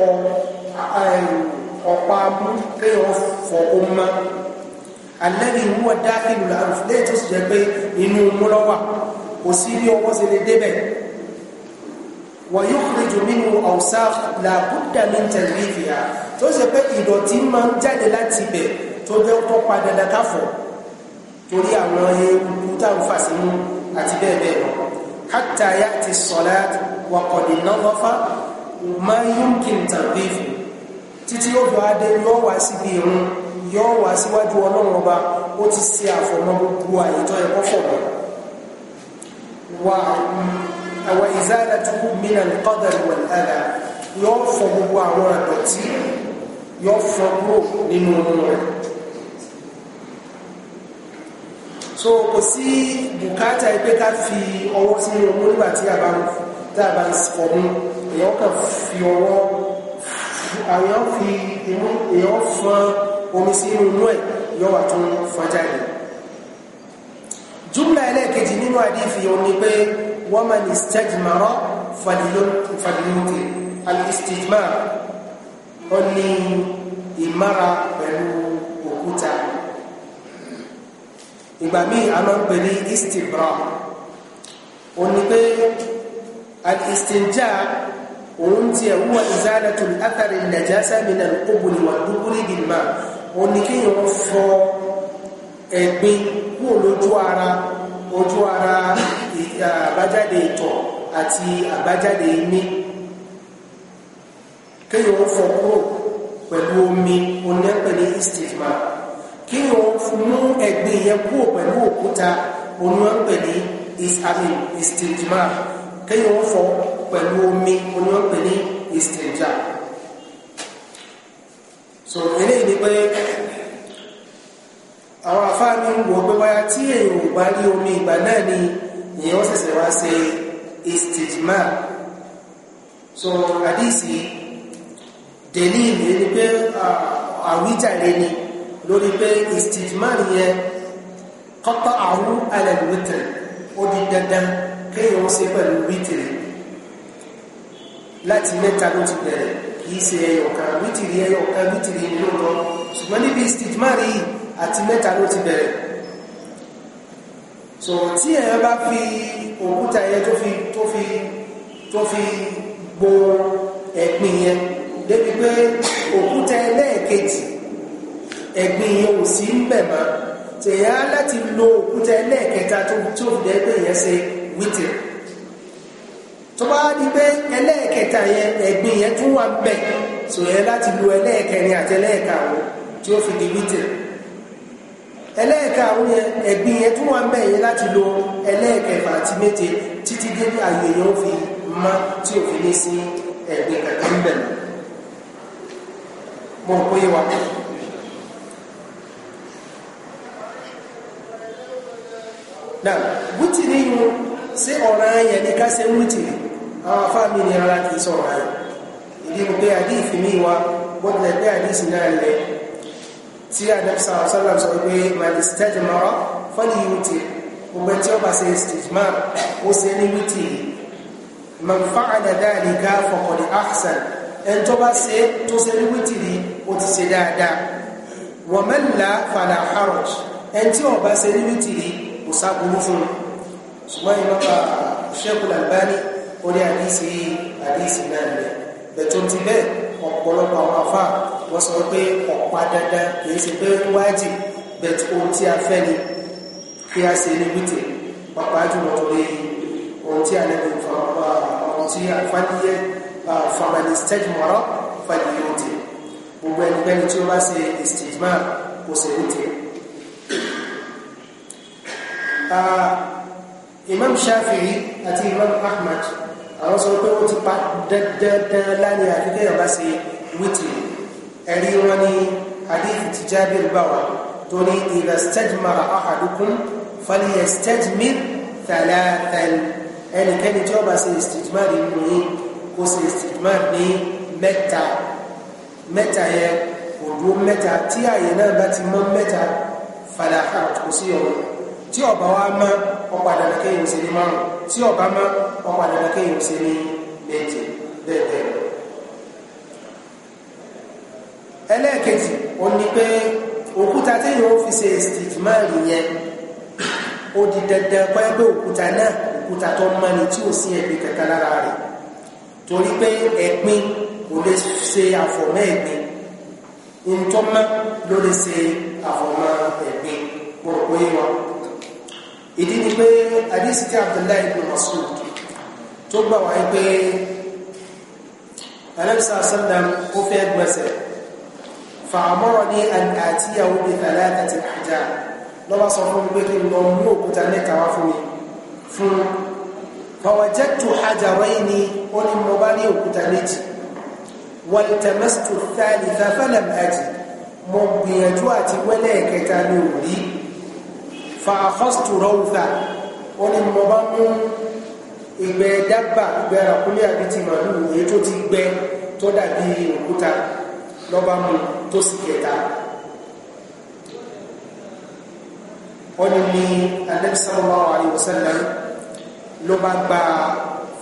ọ̀pá mú kéèyàn fọ ọmọ alẹ́bí ìwúwọ́ dákìlù lẹ́yìn tó sì jẹ́ pé inú mú lọ́wà kò sí bí ọwọ́ sí lè débẹ̀ ويخرج منه أوساخ لا بد من تنظيفها tó ṣe pé ìdọ̀tí máa ń jáde láti ibẹ̀ tó jẹ́ tó padà dákàfọ̀ torí àwọn ewu tá ń fà sínú àti bẹ́ẹ̀ bẹ́ẹ̀ lọ حتى يأتي الصلاة وقد نظف ما يمكن تنظيفه títí yóò fi adé yóò wá síbi irun yóò wá síwájú ọlọ́run ọba ó ti ṣe àfọ̀mọ́ gbogbo àyètọ́ ẹ̀kọ́ fọ̀mọ́ wà á àwọn ìzálàtúkú mìíràn kọ́dàrí wọ̀n àdá yóò fọ gbogbo àwọn àdọ̀tí yóò fọ kúrò nínú rẹ̀ so kò sí bùkátà pé ká fi ọwọ́ sínú ọmọ nígbà tí a bá ń tá a bá ń fọmú èèyàn kàn fi ọwọ́ àwọn fi inú èèyàn fọn omi sí inú ẹ̀ yóò wà tún fọn jáde jùmlá ẹlẹ́ẹ̀kejì nínú àdífi òun ni pé ومن استجمر فليمطر الاستجمار ó ní ìmára pẹ̀lú òkúta ìgbà míì a máa ń pè ní istibra ó ní pé al-istinja òun ti ẹ̀ wúwa izalatul athari najasa minal qubuli wà dúkúrí bil ma ó ní kí wọ́n fọ ẹ̀gbin kúrò lójú ara ojú ara àbájáde ìtọ̀ àti àbájáde imí kéèyàn ó fọ kúrò pẹ̀lú omi onípẹ̀ ní istigma kéèyàn ó mú ẹ̀gbin yẹn kúrò pẹ̀lú òkúta onípẹ̀ ní istigma kéèyàn ó fọ pẹ̀lú omi onípẹ̀ ní istigma so eléyìí ni pé àwọn afáàní ń wò pé wáyá tí èèyàn ò bá rí omi ìgbà náà ni ìyẹn wọ́n ṣẹ̀ṣẹ̀ wá ṣe istijma so àdìsí dèlí ìlú ni pé àwíjàre ni lórí pé istijma yẹn kọ́tọ́ àrùn alẹ́ wítìrì ó di dandan kéèyàn ó ṣe pẹ̀lú wítìrì láti mẹ́ta ló ti bẹ̀rẹ̀ kìí ṣe ẹyọ̀kan wítìrì ẹyọ̀kan wítìrì nínú lọ ṣùgbọ́n níbi istijma rí yìí àti mẹ́ta ló ti bẹ̀rẹ̀ so tí èèyàn bá fi òkúta yẹn tó fi tó fi tó fi gbo ẹ̀gbin yẹn débi pé òkúta ẹlẹ́ẹ̀kejì ẹ̀gbin yẹn ò sí ń bẹ̀ mọ́ tèèyàn láti lo òkúta ẹlẹ́ẹ̀kẹta tó tó fi dẹ́gbẹ́ yẹn ṣe wítìrì tó bá di pé ẹlẹ́ẹ̀kẹta yẹn ẹ̀gbin yẹn tún wà ń bẹ̀ so yẹn láti lo ẹlẹ́ẹ̀kẹrin àti ẹlẹ́ẹ̀karùn-ún tí ó fi di wítìrì ẹlẹ́ẹ̀karùn yẹn ẹ̀gbin yẹn tún wà ń bẹ̀yẹ láti lo ẹlẹ́ẹ̀kẹfà àti méje títí dé ní àyè yẹn ó fi mọ́ tí ò fi ní sí ẹ̀gbin kankan ń bẹ̀rẹ̀ mo rò pé wà. náà wítìrí yìí ṣé ọ̀ràn yẹn ní ká ṣe ń wítìrí àwọn afáàmì ni ara kì í sọ̀rọ̀ yẹn ìdí ni pé àdí ìfìmí wa bó tilẹ̀ pé àdí ìsìn náà lẹ́yìn tí àdẹ́bùsà ọ̀sọ́lọ́m sọ wípé màdì stẹ́jì mọ́rọ́ fọ́lì yúti gbogbo tí ó bá ṣe stijma ó ṣe ní wítì man fa'ala dhalika faqad ahsan ẹni tó bá ṣe tó ṣe ní wítì rí ó ti ṣe dáadáa wa man la fala haraj tí ó bá ṣe ní wítì rí kò sáburú fún ṣùgbọ́n ìmọ̀ta Sheikhul Albani ó ní àdísì àdísì náà rẹ̀ bẹ̀tọ̀ ti bẹ́ẹ̀ ọ̀pọ̀lọpọ̀ àwọn afáà wọ́n sọ pé ọ̀pá dandan kìí ṣe pé wájì bẹ̀t ohun tí a fẹ́ ni kí a ṣe ní wítì pàpà jùlọ torí ohun tí a lẹ́nu ah, ọ̀rọ̀ tí àfáníyẹ ah, fàmàlì stage mọ́rọ́ fàlì yóò tẹ̀ gbogbo ẹnikẹ́ni tí ó bá ṣe ìsìtìmá kò ṣe wítì. Ah, Imam Shafi'i àti Imam Ahmad àwọn sọ pé ó ti pa dandan lánìí àfikẹ́yọ̀ bá ṣe wítì yìí ẹ̀rí wọn ni àdéhùn ti jábìr bá wa tó ní ìrẹ̀ stejmara ahadukum fàlìyẹ stejmir thalathan ẹnikẹ́ni tí ó bá ṣe istijmar nínú yìí kó ṣe istijmar ní mẹ́ta mẹ́ta yẹ kò dúró mẹ́ta tí àyè náà bá ti mọ́ mẹ́ta fàlàkà kò sí ọ̀rọ̀ tí ọba wa mọ́ ọ̀pá dandan ṣe ní márùn tí ọba mọ́ ọ̀pá dandan ṣe ní méje bẹ́ẹ̀ bẹ́ẹ̀ ẹlẹ́ẹ̀kejì ó ní pé òkúta tí yóò fi ṣe stigmari yẹn ó di dandan pé pé òkúta náà òkúta tó mọ́ni tí ò sí ẹ̀gbin kankan lára rẹ̀ torí pé ẹ̀gbin kò lè ṣe àfọ̀mọ́ ẹ̀gbin ntọ́mọ́ ló lè ṣe àfọ̀mọ́ ẹ̀gbin kò rò ìdí ni pé àdìsí Abdullahi ibn Mas'ud tó gbà wáyé pé alẹ́ bisá sọ́dà ó fẹ́ gbẹ̀sẹ̀ fàmọ́rọ̀ní àtìyàwó bí tàlátàtì àjá lọ́wọ́ sọ fún pé kí lọ mú òkúta mẹ́ta wá fún mi fún fọwọ́jẹ́tù hajarai ni ó ní mo bá ní òkúta méjì wàlítẹ̀mẹ́sìtò tààlì tàfẹ́lẹ̀m àjì mo gbìyànjú àti ní òrí tó ti gbẹ tó dàbí òkúta lọ́ba mú tó sì kẹta wọ́n ni ní Ànábì sallallahu alaihi wasallam ló bá gba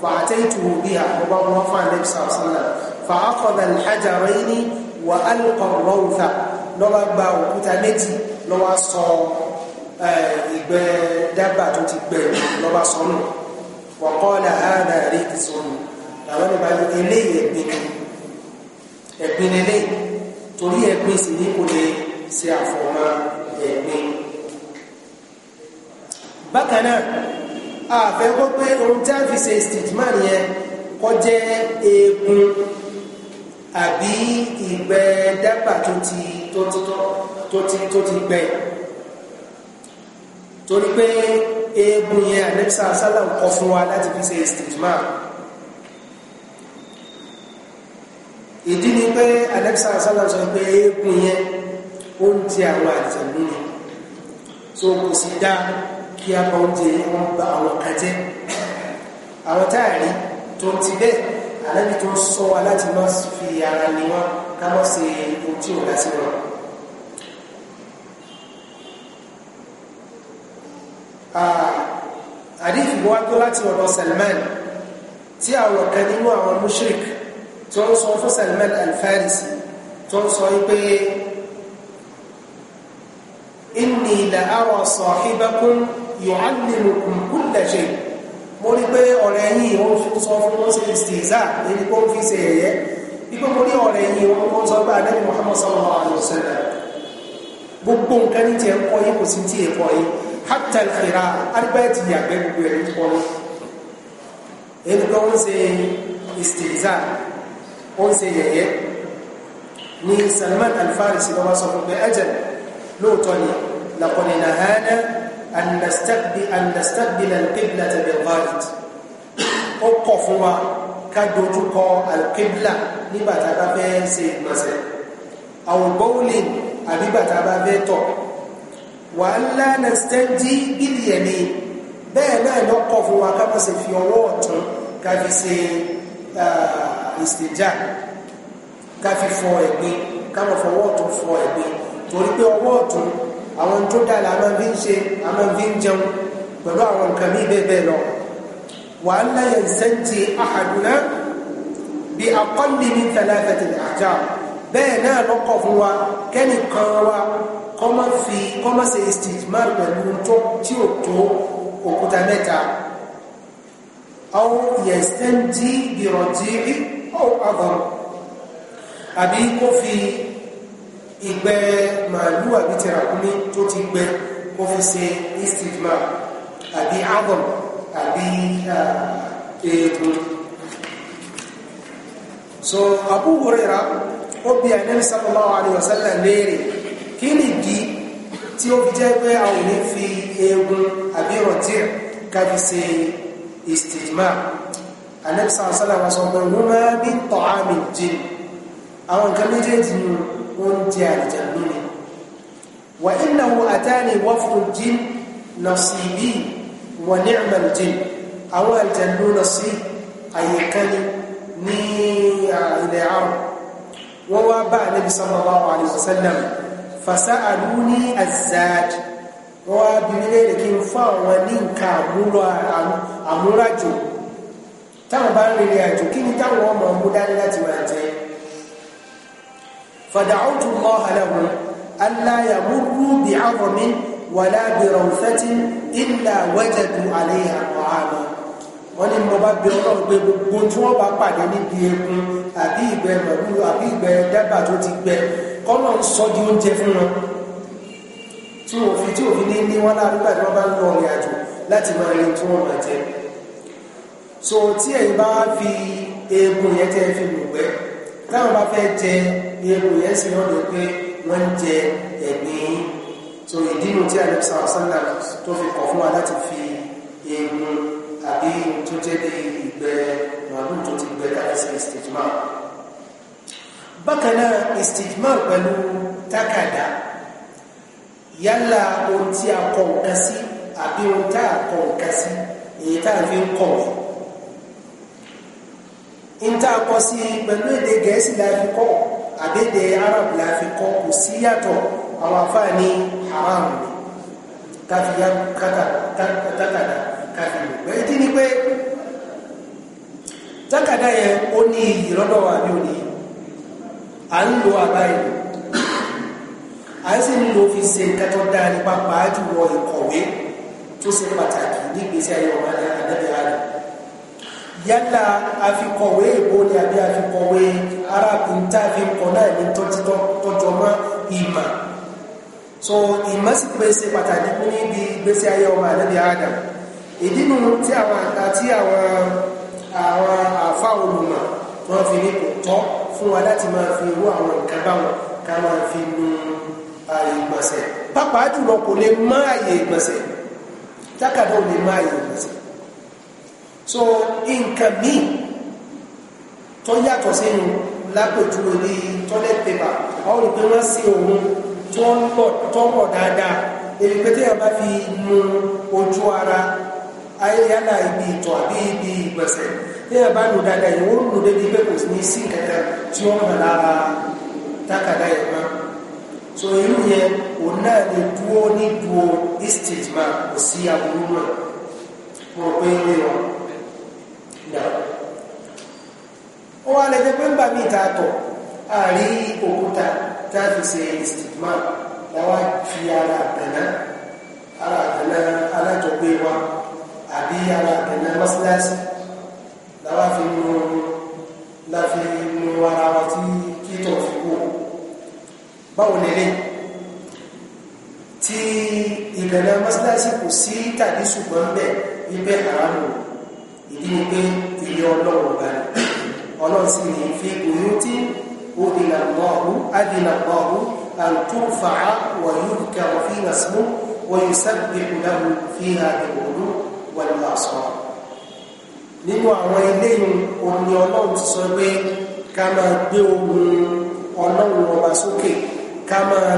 fa'ataitu biha ló bá wọ́n fún Ànábì sallallahu alaihi wasallam fa'akhadha al-hajarayni wa alqa ar-rawtha ló bá gba òkúta méjì ló sọ ìgbẹ́ dábà tó ti gbẹ̀ ló bá sọ nù wa qala hadha rizqun làwọn ìbájú eléyìí ẹ̀gbẹ́ ni ẹ̀gbin lélẹ̀ torí ẹ̀gbin sì ní kò lè ṣe àfọ̀mọ́ ẹ̀gbin bákan náà àfẹ́ kó pé ohun tí a fi ṣe stigma nìyẹn kọ́ jẹ́ eegun àbí ìgbẹ́ dábà tó ti tó ti tó ti gbẹ torí pé eegun yẹn àdébísà sálà kọ fún wa láti fi ṣe stigma. ìdí ni pé alexa sálà sọ pé eégún yẹn ó ń ti àwọn àjẹ̀lú ni so kò sí dá kí a máa ń ti wọn gba àwọn kan jẹ àwọn táàrí tó ti bẹ́ẹ̀ àlẹ́bí tó sọ wa láti má fi ara ni wọn ká má ṣe ohun tí ò dá sí wọn. Ah, àdìfì wá tó láti ọ̀dọ̀ Salman tí àwọn kan nínú àwọn mushrik tó ń sọ fún Salman al-Farisi tó ń sọ pé inni la ara sahibakum yu'allimukum kulla shay mo rí pé ọ̀rẹ́ yìí ó ń sọ fún wọn sí ìsìnzá èyí kó ń fi ṣe ẹ̀yẹ ipò mo rí ọ̀rẹ́ yìí ó ń sọ pé adébí Muhammad sallallahu alaihi wasallam gbogbo nǹkan ní tiẹ̀ ń kọ́ yín kò sí tí èkọ́ yín hatta al-khira arúgbáyé yàgbẹ́ gbogbo ẹ̀rí kọ́ yín èyí kó ń ṣe ìsìnzá ó ń ṣe yẹ̀yẹ́ ni Salman Al-Farisi lọ́wọ́ sọ fún pé ẹ̀jẹ̀ lóòótọ́ ni laqad nahana an nastaqbil an nastaqbil al-qiblata bil-gharit ó kọ̀ fún wa ká dojú kọ al bá fẹ́ ṣe ìgbọ̀nsẹ̀ aw bawlin bá fẹ́ tọ̀ wa an la nastanji bil-yamin bẹ́ẹ̀ náà lọ́kọ̀ fún wa ká má ṣe fi ọwọ́ ọ̀tún ká fi ṣe ah, ìsìnjà ká fi fọ ẹ̀gbin káwọn fọwọ́ ọ̀tún fọ ẹ̀gbin torí pé ọwọ́ ọ̀tún àwọn tó dà la máa fi ń ṣe a máa fi ń jẹun pẹ̀lú àwọn nǹkan mí bẹ́ẹ̀ bẹ́ẹ̀ lọ wàá láyé ìsẹ́ǹtì àhàdùnà bí akọ́lì ní tẹ̀lẹ́fẹ̀tì àjà bẹ́ẹ̀ náà lọ́kọ̀ fún wa kẹ́nìkan wa kọ́ máa fi kọ́ máa ṣe istijmar pẹ̀lú tó tí ò tó òkúta mẹ́ta àwọn ìyẹ̀sẹ́ǹtì bìrọ̀jì Ọ أضر àbí kó fi ìgbẹ́ màálù àbí tẹ̀ràkúnmí tó ti gbẹ kó fi ṣe istigma àbí adọ̀m àbí eegun. so Abu Huraira ó bi Ànábì sallallahu alayhi n'ere, sallam léèrè kí ni ìdí tí ó fi jẹ́ pé a ò ní fi eegun àbí rọ̀tíẹ̀ ká fi istigma anẹ́bísàn sálàmà sọ pé wọ́n máa bí tọ́ àmì jẹ àwọn nǹkan méjèèjì ni wọ́n jẹ àjẹ́ lónìí wà ìnáwó àtàní wọ́fù jí nà sí bí wọ́n ní àmàlù jẹ àwọn àjẹ́ lónà sí àyíkání ní ilẹ̀ àrùn wọ́n wá bá anẹ́bísàn sallallahu alaihi wasallam fasáàlúní azad wọ́n wá bí nílé kí n fún àwọn ní nǹkan àmúrájò táwọn bá ń rìnrìn àjò kí ni táwọn ọmọ mú dání láti máa jẹ fàdáhùtù mọ́ àlẹ́wọ̀n aláyàmúrú bí àwọ̀mí wàlá bí rọ̀fẹ́tì ìlà wẹ́jẹ̀dù àlẹ́yà ọ̀hánà wọ́n ní mo bá bí ọlọ́run pé gbogbo tí wọ́n bá pàdé níbi egun àbí ìgbẹ́ pẹ̀lú àbí ìgbẹ́ dábà tó ti gbẹ kọ́nà ń sọ di oúnjẹ fún wọn tí òfin tí òfin ní ní wọn láàrúgbà tí wọ́n bá ń lọ ọ̀rìn àjò láti máa rin tí wọ́n máa jẹ so tí ẹ̀yin bá fi eegun yẹn tẹ́ fi lùgbẹ́ táwọn bá fẹ́ jẹ eegun yẹn sì lọ́dọ̀ pé wọ́n ń jẹ ẹ̀gbìn so ìdí nu tí àlẹ́bísà ọ̀sánlá tó fi kọ̀ fún wa láti fi eegun àbí tó jẹ́ bí ìgbẹ́ màálù tó ti gbẹ láti ṣe istijmar bákan náà istijmar pẹ̀lú tákàdá yálà ohun tí a kọ nǹkan sí àbí ohun tá a kọ nǹkan sí èyí tá a fi ń kọ̀wé níta kọ sí pẹ̀lú èdè gẹ̀ẹ́sì la fi kọ́ àbédè arab la fi kọ́ kò sí yàtọ̀ àwọn afáà ní haram káfíyà kákàdá káfíyà bẹ́ẹ̀ dí ni pé tákàdá yẹn ó ní iyì lọ́dọ̀ wa bí ó ní à ń lo àbáyé à ń sì ń lo fi ṣe nǹkan tó dáa nípa pàájù wọ ìkọ̀wé tó ṣe pàtàkì nígbèésí ayé ọ̀gá dáa yálà àfikọ̀wé èbó ni àbí àfikọ̀wé arábìnrin tá a fi kọ̀ náà ní tọ́jọ́ mọ́ ìmọ̀ so ìmọ̀ sì pèsè pàtàkì níbi ìgbésí ayé ọmọ ànábì Adam ìdí nu tí àwọn àti àwọn àwọn àfa olùmọ̀ wọn fi ní kò tọ́ fún wa láti máa fi irú àwọn nǹkan báwọn ká máa fi nu ààyè ìgbọ̀nsẹ̀ pàápàá jùlọ kò lè má ààyè ìgbọ̀nsẹ̀ tákàdá ò lè má ààyè ìgbọ̀nsẹ̀ so nǹkan míì tó yàtọ̀ sínú lápèjúwe ní toilet paper àwọn olùgbé wọn sí òun tó ń pọ̀ tó ń pọ̀ dáadáa èyí pé téèyàn bá fi nu ojú ara ayéyálà ibi ìtọ̀ àbí ibi ìgbọ̀nsẹ̀ téèyàn bá nu dáadáa yìí wọ́n nu débi pé kò ní sí kankan tí wọ́n mọ̀ lára tákàdá yẹn mọ́ so irú yẹn òun náà lè dúó ní dúó istage máa kò sí aburú náà wọ́n pé ń wọn ó wá lẹ́jẹ́ pé ńgbà míì ta tọ̀ àrí òkúta tá a fi ṣe ìsìtìmá láwá fi ara àbẹ̀ná ara àbẹ̀ná alájọgbé wa àbí ara àbẹ̀ná mọ́síláṣí láwá fi mú láfi mú ara wa tí kítọ̀ fi kú báwo lélẹ̀ tí ìbẹ̀ná mọ́síláṣí kò sí tàbí ṣùgbọ́n bẹ́ẹ̀ ibẹ̀ àrámù ìdí ni pé ilé ọlọ́run ọba ni ọlọ́run sì ní fi oyún tí odìnà mọ́ọ̀rú adìnà mọ́ọ̀rú àtúnfà wọ̀nyí kẹwọ́ fi hàn sí mú wọ́n sábẹ̀ ìlànà fi hàn ìwòlú wọ́n lọ sọ. nínú àwọn ilé omi ọlọ́run ti sọ pé ká máa gbé ohun ọlọ́run ọba sókè ká máa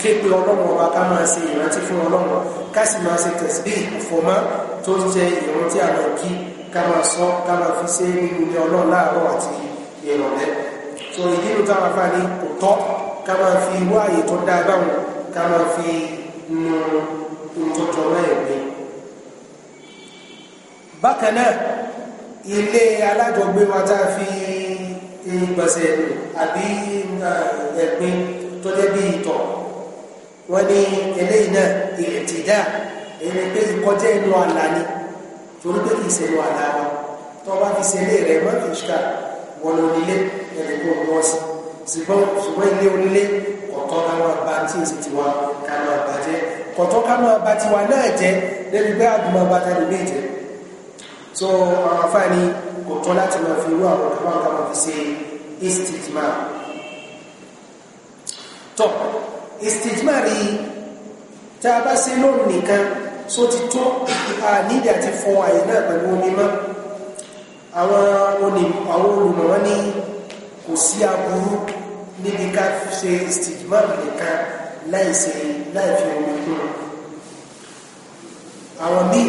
ké pe ọlọ́run ọba ká máa ṣe ìrántí fún ọlọ́run ká sì máa ṣe tẹ̀síbí ìfọ̀mọ́ tó ń jẹ ìrántí àwọn kí. Kama máa sọ ká máa fi ṣe nínú ilé ọlọ́run láàárọ̀ àti ìrọ̀lẹ́ so ìdí inú táwọn afá ní kò tọ́ ká máa fi wá àyè tó dáa báwọn ká máa fi nu ntuntun náà ẹ̀mí. bákan náà ilé alájọgbé wa tá a fi gbọ̀nsẹ̀ àbí eh, ẹ̀gbin tó jẹ́ bí ìtọ̀ wọ́n ní eléyìí náà ìrètí dáa èyí pé ìkọjá inú àlá torí pé kì í ṣe lọ àdá wa tó bá fi ṣe ilé rẹ má fi ṣíkà wọn lọ nílé ẹni tó ń lọ sí ṣùgbọ́n ṣùgbọ́n ilé onílé ọ̀tọ́ ká máa ba tí èsì tiwa ká máa bàjẹ́ ọ̀tọ́ ká máa ba tiwa náà jẹ́ lẹ́nu pé àdùn máa ba tani lè jẹ́ so àwọn afáàní kò tọ́ láti máa fi irú àwọn ọ̀dọ́ ká máa fi ṣe istijma tọ́ istijma rí tá a bá ṣe lónìí nìkan só ti tó àníìdí àti fọ àyè náà pẹ̀lú omi mọ́ àwọn olùmọ̀ wọn ní kò sí aburú níbi ká ṣe stigmat nìkan láìsẹ̀ láìfi omi kún àwọn míì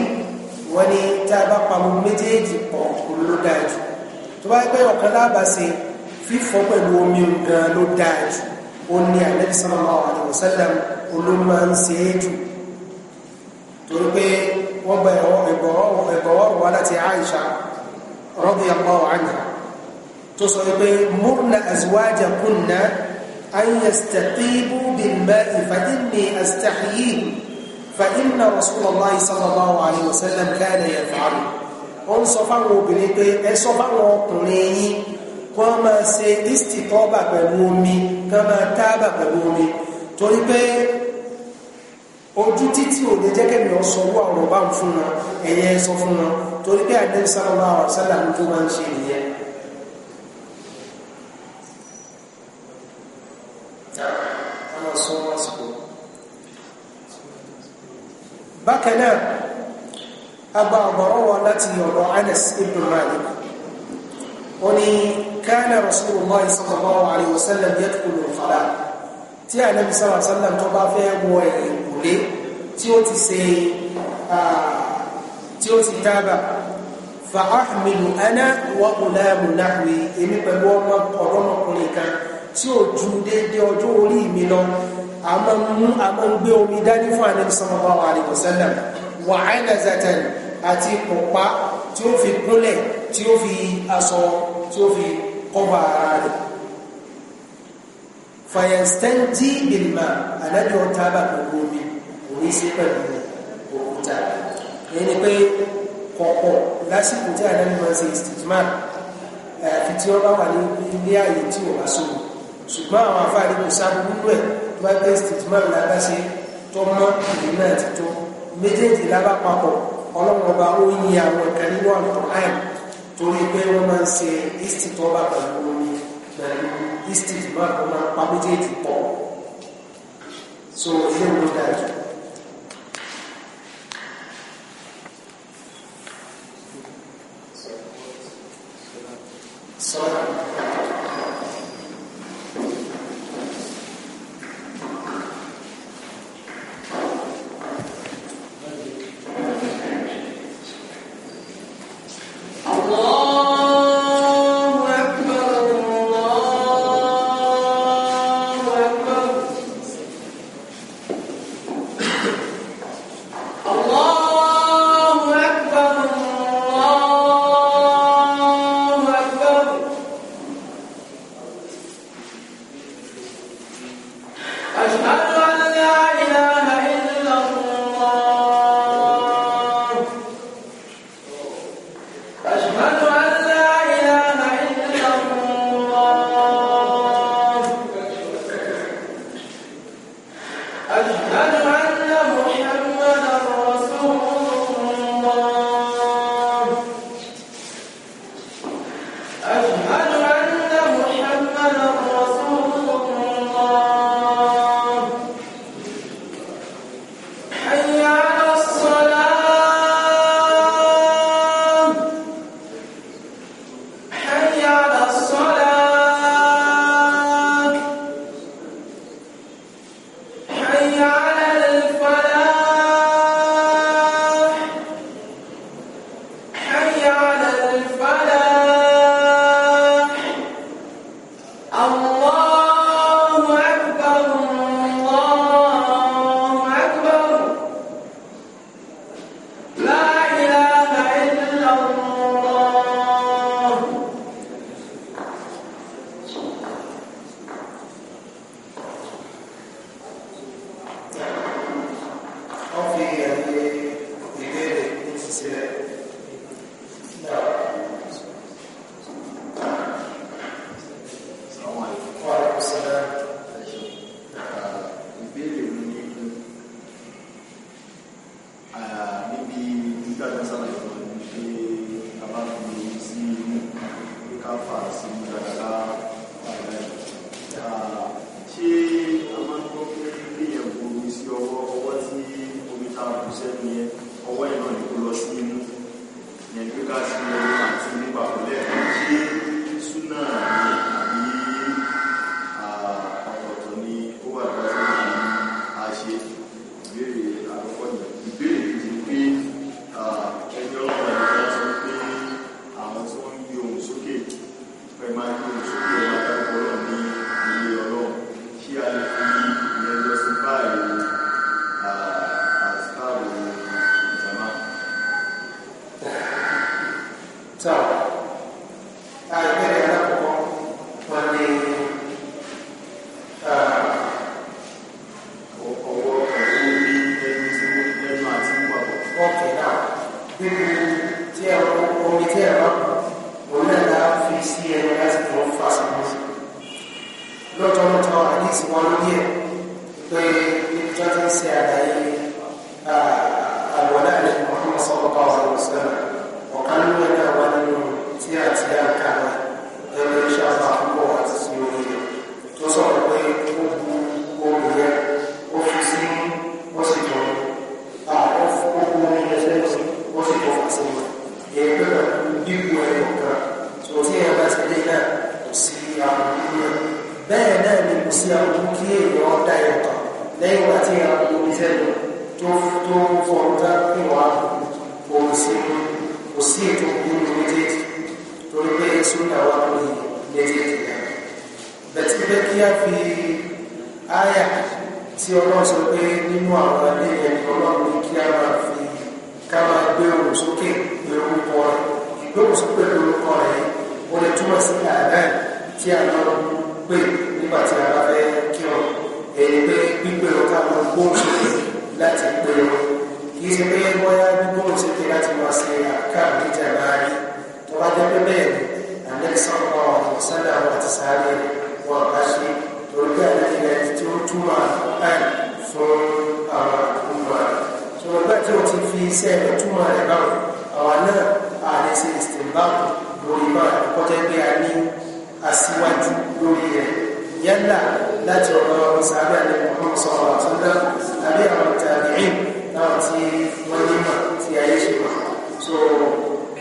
wọ́n ní tá a bá pamọ́ méjèèjì pọ̀ ló dáa jù tó bá pẹ́ ọ̀kan láàbà ṣe fífọ̀ pẹ̀lú omi gan ló dáa jù ó ní àlẹ́bísọ́nà àwọn àdàwọ̀sẹ́lẹ̀ olóńgbà ń ṣe é jù torí pé wọ́n gba ẹ̀gbọ̀wọ́rọ̀ wá láti Aisha radiyallahu anha tó sọ pé múrnà azwaja kunna an yastaqibu bil ma'i fa inni astahyi fa inna rasulullahi sallallahu alayhi wa sallam kana yaf'alu ó ojú títí ò lè jẹ́ kẹ́mi ọ̀sọ̀ wà ọ̀rọ̀ bá ń fún wọn ẹ̀yẹ sọ fún wọn torí pé àdé sálọ́lá ọ̀sálà ń tó máa ń ṣe nìyẹn. bákan náà agba ọ̀gbọ̀rọ̀ wọn láti ọ̀dọ̀ Anas ibn Malik ó ní kana Rasulullah sallallahu alaihi wasallam yadkhulu al tí ànábi sọ́wọ́ sọ́lọ́m tó bá fẹ́ wọ ẹ̀kùnlé tí ó ti ṣe tí ó ti dábà fa ahmilu ana wa ulamu nahwi èmi pẹ̀lú ọmọ ọ̀dọ́mọkùnrin kan tí ó ju déédé ọjọ́ orí mi lọ a máa ń gbé omi dání fún ànábi sallallahu alaihi wasallam wa alazatan àti pọ̀pá tí ó fi kúnlẹ̀ tí ó fi aṣọ tí ó fi kọ́ba ara rẹ̀ fàyẹ̀stẹ́ntì bìlìmà ànájọ tábà pẹ̀lú omi òní sí pẹ̀lú òkúta èyí ni pé kọ̀kọ̀ lásìkò tí ànájọ máa ń ṣe ìsìtìmá àyàfi tí wọ́n bá wà ní ilé ààyè tí ò bá sóhùn ṣùgbọ́n àwọn afáàrí kò sá gbogbo ẹ̀ tó bá gbé ìsìtìmá lábáṣe tó mọ́ ìlú náà ti tó méjèèjì lábápapọ̀ ọlọ́run ọba ó yin àwọn ẹ̀ka nínú àlùkò àyàn torí pé wọ́n máa ń ṣe ìsìtìtọ́ bá pẹ̀lú omi pẹ̀lú istid máa kọ́ máa pa méjèèjì pọ̀ so ilé ìlú dájú. Sọ́ra.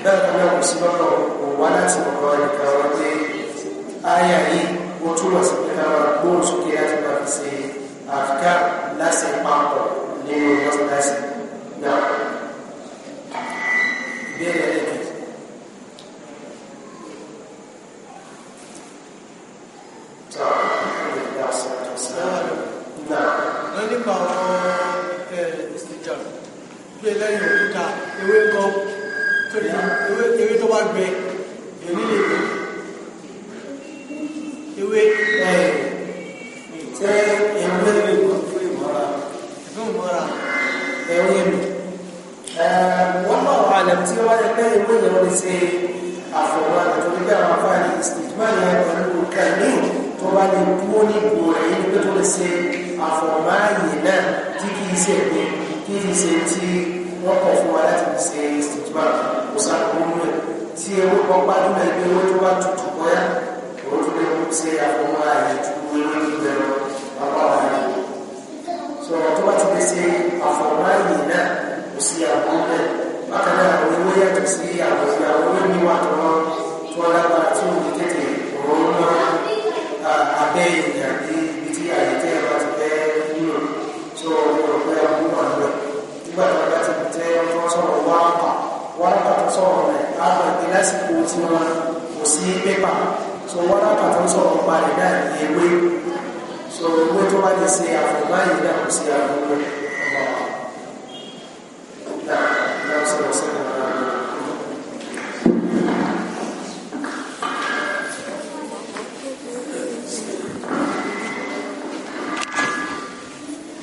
bẹ́ẹ̀ náà kò sí lọ́dọ̀ kò wá láti ọ̀rọ̀ ẹ̀ka wa pé àyà yìí ó túmọ̀ sí pé ká máa gbóhùn sókè láti máa fi ṣe àfikà láti papọ̀ nínú mọ́tíláṣí náà.